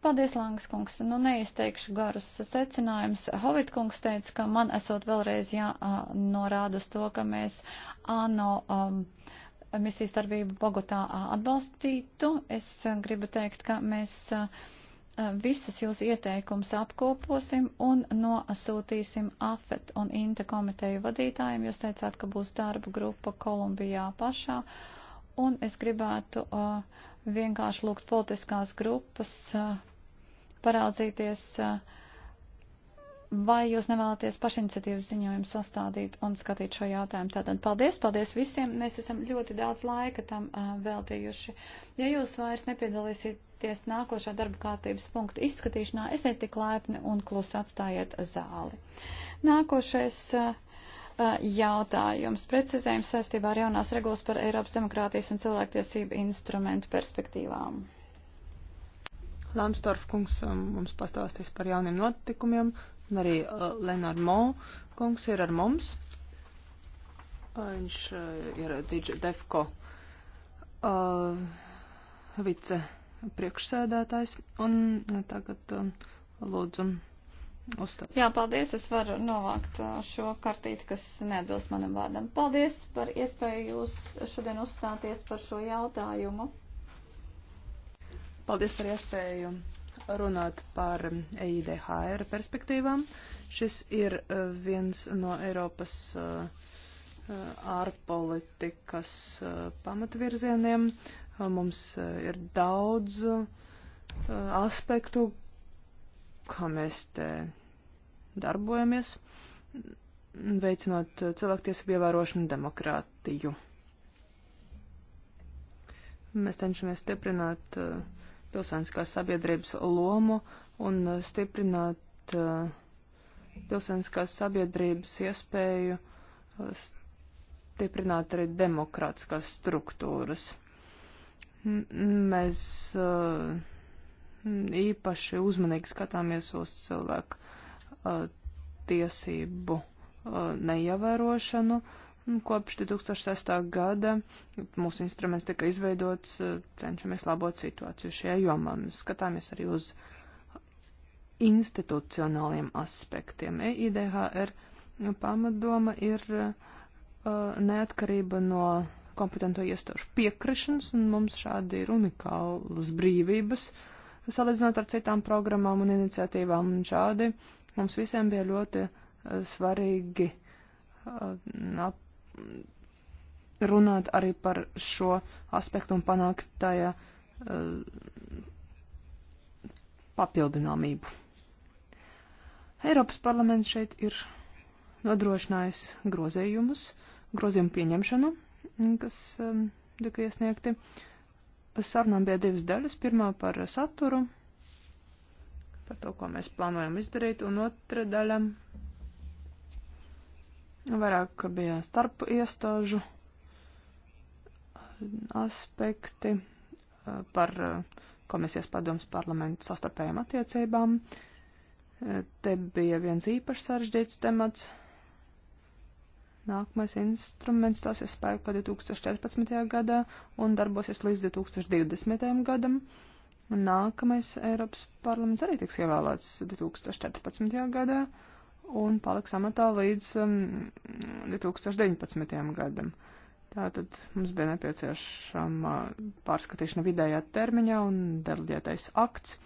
Paldies, Langas kungs. Nu, neizteikšu garus secinājumus. Hovit kungs teica, ka man esot vēlreiz jānorāda uz to, ka mēs ANO um, misijas darbību Bogotā atbalstītu. Es gribu teikt, ka mēs visus jūs ieteikums apkoposim un nosūtīsim AFET un INTA komiteju vadītājiem. Jūs teicāt, ka būs darba grupa Kolumbijā pašā. Un es gribētu uh, vienkārši lūgt politiskās grupas uh, paraudzīties, vai jūs nevēlaties pašiniciatīvas ziņojumu sastādīt un skatīt šo jautājumu. Tātad paldies, paldies visiem. Mēs esam ļoti daudz laika tam veltījuši. Ja jūs vairs nepiedalīsieties nākošā darba kārtības punkta izskatīšanā, esiet tik laipni un klusi atstājiet zāli. Nākošais jautājums. Precizējums saistībā ar jaunās regulas par Eiropas demokrātijas un cilvēktiesību instrumentu perspektīvām. Lamstorf kungs um, mums pastāstīs par jauniem notikumiem, un arī uh, Lenār Mo kungs ir ar mums. Uh, viņš uh, ir DJ Defko uh, vice priekšsēdētājs, un uh, tagad uh, um, lūdzu. Uzstāv. Jā, paldies. Es varu novākt uh, šo kartīti, kas neatbilst manam vārdam. Paldies par iespēju jūs šodien uzstāties par šo jautājumu. Paldies par iespēju runāt par EIDHR perspektīvām. Šis ir e, viens no Eiropas e, e, ārpolitikas pamatvirzieniem. Mums ir daudz aspektu, kā mēs te darbojamies, veicinot cilvēktiesību ievērošanu demokrātiju. Mēs cenšamies stiprināt uh, pilsoniskās sabiedrības lomu un uh, stiprināt uh, pilsoniskās sabiedrības iespēju uh, stiprināt arī demokrātiskās struktūras. M mēs uh, īpaši uzmanīgi skatāmies uz cilvēku uh, tiesību uh, neievērošanu. Uh, Kopš 2006. gada mūsu instruments tika izveidots, cenšamies labot situāciju šajā jomā. Mēs skatāmies arī uz institucionāliem aspektiem. EIDHR pamatdoma ir uh, neatkarība no kompetento iestāžu piekrišanas, un mums šādi ir unikālas brīvības, salīdzinot ar citām programmām un iniciatīvām, un šādi mums visiem bija ļoti uh, svarīgi uh, ap runāt arī par šo aspektu un panākt tajā uh, papildināmību. Eiropas parlaments šeit ir nodrošinājis grozējumus, grozījumu pieņemšanu, kas um, tika iesniegti. Sarunām bija divas daļas. Pirmā par saturu, par to, ko mēs plānojam izdarīt, un otra daļa Vairāk bija starp iestāžu aspekti eh, par eh, komisijas padomus parlamentu sastarpējām attiecībām. Eh, te bija viens īpaši sarežģīts temats. Nākamais instruments stāsies spēkā 2014. gadā un darbosies līdz 2020. gadam. Nākamais Eiropas parlaments arī tiks ievēlēts 2014. gadā. Uh, un paliks amatā līdz um, 2019. gadam. Tātad mums bija nepieciešama pārskatīšana vidējā termiņā un deleģētais akts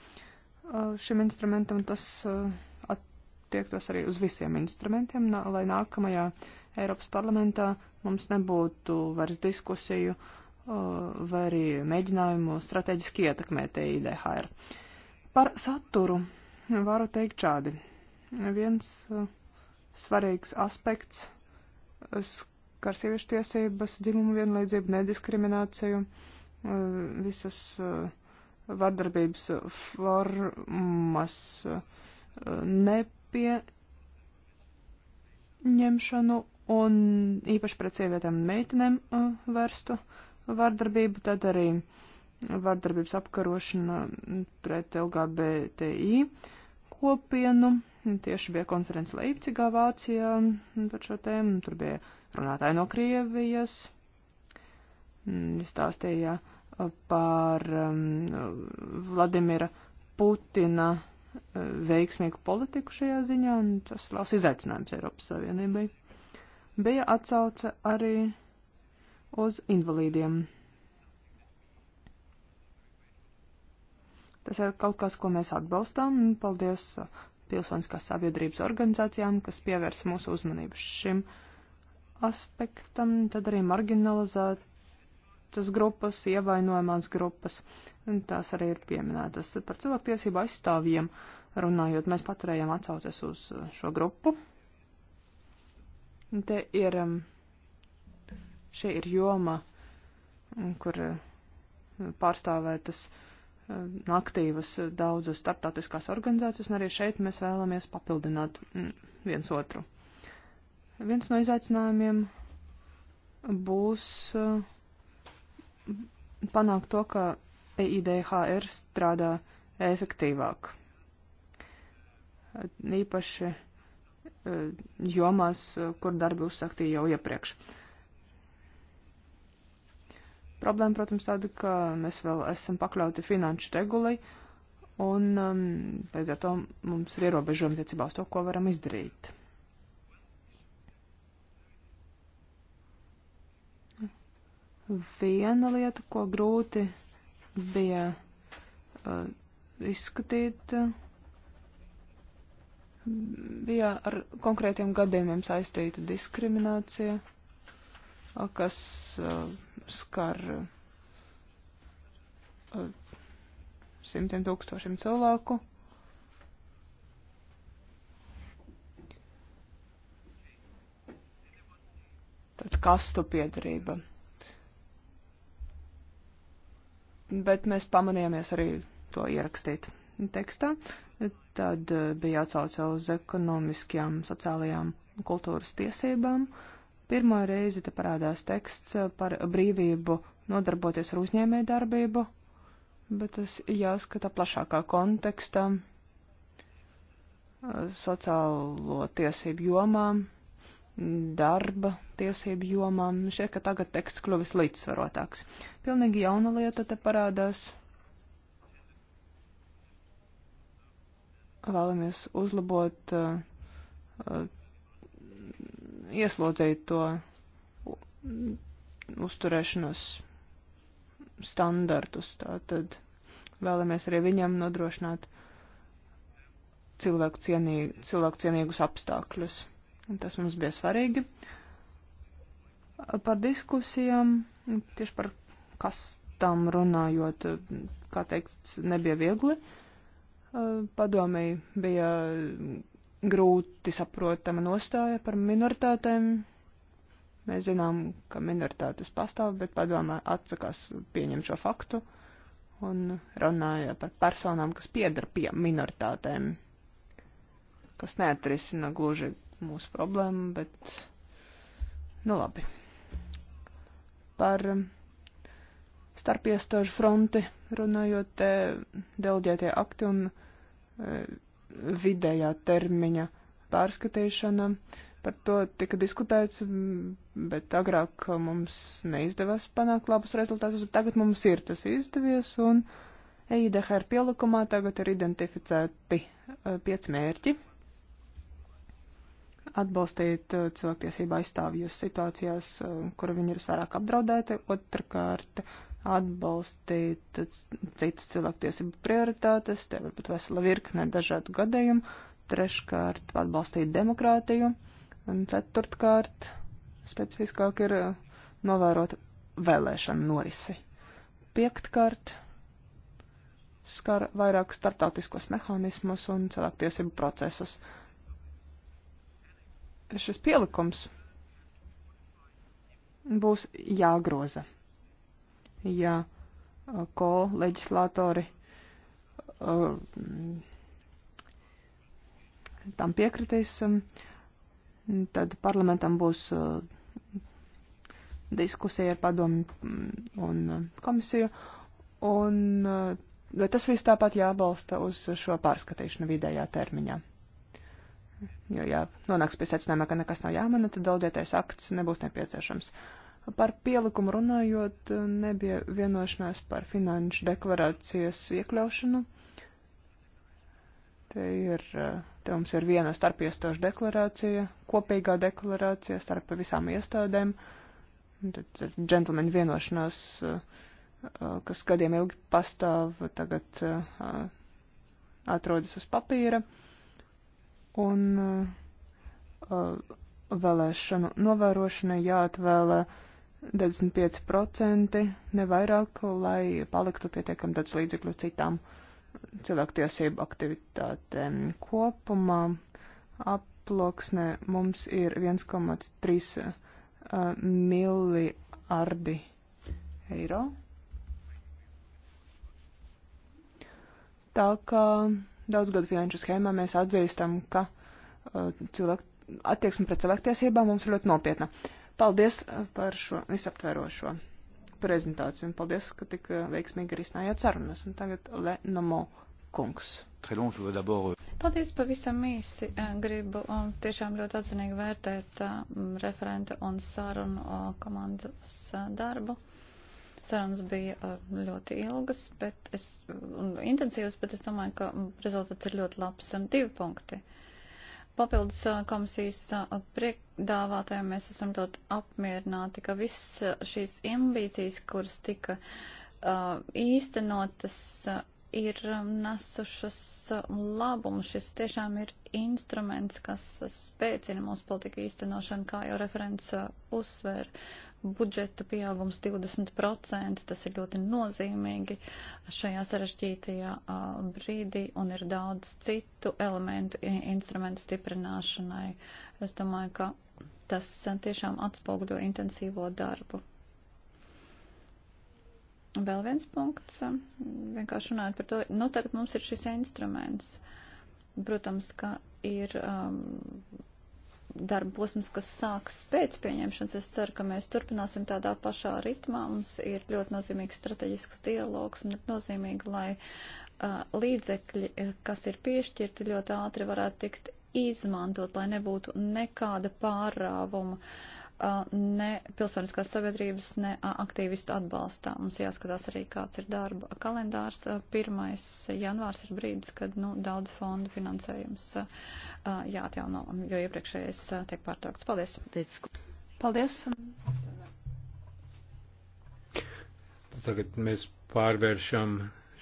uh, šim instrumentam. Tas uh, attiektos arī uz visiem instrumentiem, nā, lai nākamajā Eiropas parlamentā mums nebūtu vairs diskusiju uh, vai arī mēģinājumu strateģiski ietekmēt EIDHR. Par saturu varu teikt šādi. Viens uh, svarīgs aspekts uh, skar sieviešu tiesības, dzimumu vienlīdzību, nediskrimināciju, uh, visas vardarbības formas nepieņemšanu un īpaši pret sievietēm un meitenēm vērstu vardarbību, tad arī vardarbības apkarošana pret LGBTI kopienu Tieši bija konference Leipcigā, Vācijā par šo tēmu. Tur bija runātāji no Krievijas. Viņš mm, stāstīja uh, par um, Vladimira Putina uh, veiksmīgu politiku šajā ziņā, un tas liels izaicinājums Eiropas Savienībai. Bija atsauce arī uz invalīdiem. Tas ir kaut kas, ko mēs atbalstām. Paldies uh, pilsoniskās sabiedrības organizācijām, kas pievērs mūsu uzmanību šim aspektam, tad arī marginalizētas grupas, ievainojamās grupas, tās arī ir pieminētas. Par cilvēktiesību aizstāvjiem runājot, mēs paturējām atsaucies uz šo grupu. Te ir, um, šie ir joma, kur uh, pārstāvētas uh, Um, aktīvas uh, daudzas starptautiskās organizācijas, un arī šeit mēs vēlamies papildināt mm, viens otru. Viens no izaicinājumiem būs uh, panākt to, ka EIDHR strādā efektīvāk. Īpaši uh, jomās, kur darbi uzsaktīja jau iepriekš. Uh, Problēma, protams, tāda, ka mēs vēl esam pakļauti finanšu regulai, un um, līdz ar to mums ir ierobežojumi tiecībā uz to, ko varam izdarīt. Viena lieta, ko grūti bija uh, izskatīt, bija ar konkrētiem gadījumiem saistīta diskriminācija. Uh, kas skar simtiem tūkstošiem cilvēku. Tad kastu piedarība. Bet mēs pamanījāmies arī to ierakstīt tekstā. Tad e, bija atsauce uz ekonomiskajām, sociālajām un kultūras tiesībām. Uh, Pirmo reizi te parādās teksts eh, par brīvību nodarboties ar uzņēmēju darbību, bet tas jāskata plašākā kontekstā eh, sociālo tiesību jomām darba tiesību jomām. Šķiet, ka tagad teksts kļuvis līdzsvarotāks. Pilnīgi jauna lieta te parādās. Vēlamies uzlabot uh, ieslodzīto uzturēšanos standartus. Tātad vēlamies arī viņam nodrošināt cilvēku, cienīgu, cilvēku cienīgus apstākļus. Un tas mums bija svarīgi. Par diskusijām, tieši par kastām runājot, kā teikt, nebija viegli. Padomēji bija grūti saprotama nostāja par minoritātēm. Mēs zinām, ka minoritātes pastāv, bet padomē atsakās pieņemt šo faktu un runāja par personām, kas piedar pie minoritātēm, kas neatrisina gluži mūsu problēmu, bet, nu labi. Par um, starp iestāžu fronti runājot, te delģētie akti un eh, vidējā termiņa pārskatīšana. Par to tika diskutēts, bet agrāk mums neizdevās panākt labus rezultātus, bet tagad mums ir tas izdevies, un EIDHR pielikumā tagad ir identificēti e, pieci mērķi atbalstīt e, cilvēktiesību aizstāvjus situācijās, e, kura viņi ir visvairāk apdraudēti, otrkārt atbalstīt citas cilvēktiesību prioritātes, te varbūt vesela virkne dažādu gadījumu, treškārt atbalstīt demokrātiju, un ceturtkārt specifiskāk ir uh, novērot vēlēšanu norisi. Piektkārt skar vairāk starptautiskos mehānismus un cilvēktiesību procesus. Šis pielikums būs jāgroza ja uh, ko-leģislatori uh, tam piekritīs, um, tad parlamentam būs uh, diskusija ar padomu mm, un komisiju, un bet tas viss tāpat jābalsta uz šo pārskatīšanu vidējā termiņā. Jo, ja nonāks pie secinājuma, ka nekas nav jāmana, tad daudzietais akts nebūs nepieciešams. Uh, Par pielikumu runājot, nebija vienošanās par finanšu deklarācijas iekļaušanu. Te, ir, te mums ir viena starpiestāžu deklarācija, kopīgā deklarācija starp visām iestādēm. Tad ir džentlmeņu vienošanās, kas gadiem ilgi pastāv, tagad atrodas uz papīra. Un vēlēšanu novērošanai jāatvēlē 95% nevairāk, lai paliktu pietiekami daudz līdzekļu citām cilvēktiesību aktivitātēm. Kopumā aploksnē mums ir 1,3 uh, miliardi eiro. Tā kā daudzgadu finanšu schēmā mēs atzīstam, ka uh, eh, cilvēku attieksme pret cilvēktiesībām mums ir ļoti nopietna. Uh, Paldies eh, par šo visaptverošo prezentāciju un paldies, ka tik eh, veiksmīgi arī snājāt sarunas. Un tagad Lenamo kungs. Euh, paldies pavisam īsi. Eh, gribu tiešām ļoti atzinīgi vērtēt referenta un sarunu komandas darbu. Sarunas bija ļoti ilgas, bet es, intensīvas, bet es domāju, ka rezultāts ir ļoti labs. Divi punkti. Uh, papildus komisijas priekdāvātājiem mēs esam ļoti apmierināti, ka viss šīs ambīcijas, kuras tika īstenotas, ir um, nesušas um, labumu. Šis tiešām ir instruments, kas spēcina mūsu politiku īstenošanu, kā jau referents uh, uzsver. Budžeta pieaugums 20%, tas ir ļoti nozīmīgi šajā sarežģītajā uh, brīdī un ir daudz citu elementu instrumentu stiprināšanai. Es domāju, ka tas uh, tiešām atspoguļo intensīvo darbu. Vēl viens punkts, vienkārši runājot par to, nu tagad mums ir šis instruments. Protams, ka ir um, darba posms, kas sāks pēc pieņemšanas. Es ceru, ka mēs turpināsim tādā pašā ritmā. Mums ir ļoti nozīmīgs strateģisks dialogs un ir nozīmīgi, lai uh, līdzekļi, eh, kas ir piešķirti, ļoti ātri varētu tikt izmantot, lai nebūtu nekāda pārāvuma. Uh, ne pilsoniskās sabiedrības, ne aktīvistu atbalstā. Mums jāskatās arī, kāds ir darba kalendārs. 1. janvārs ir brīdis, kad nu, daudz fondu finansējums jāatjauno, jo iepriekšējais tiek pārtraukts. Paldies! Paldies! Tagad mēs pārvēršam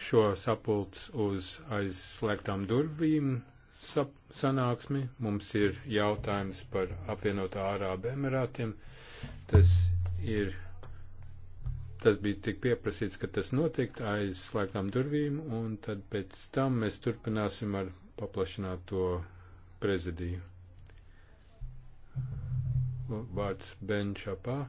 šo sapulcs uz aizslēgtām durvīm sanāksmi. Mums ir jautājums par apvienotā Ārābu Emirātiem. Tas ir, tas bija tik pieprasīts, ka tas notikt aiz slēgtām durvīm, un tad pēc tam mēs turpināsim ar paplašināto prezidiju. Vārds Ben Čapā.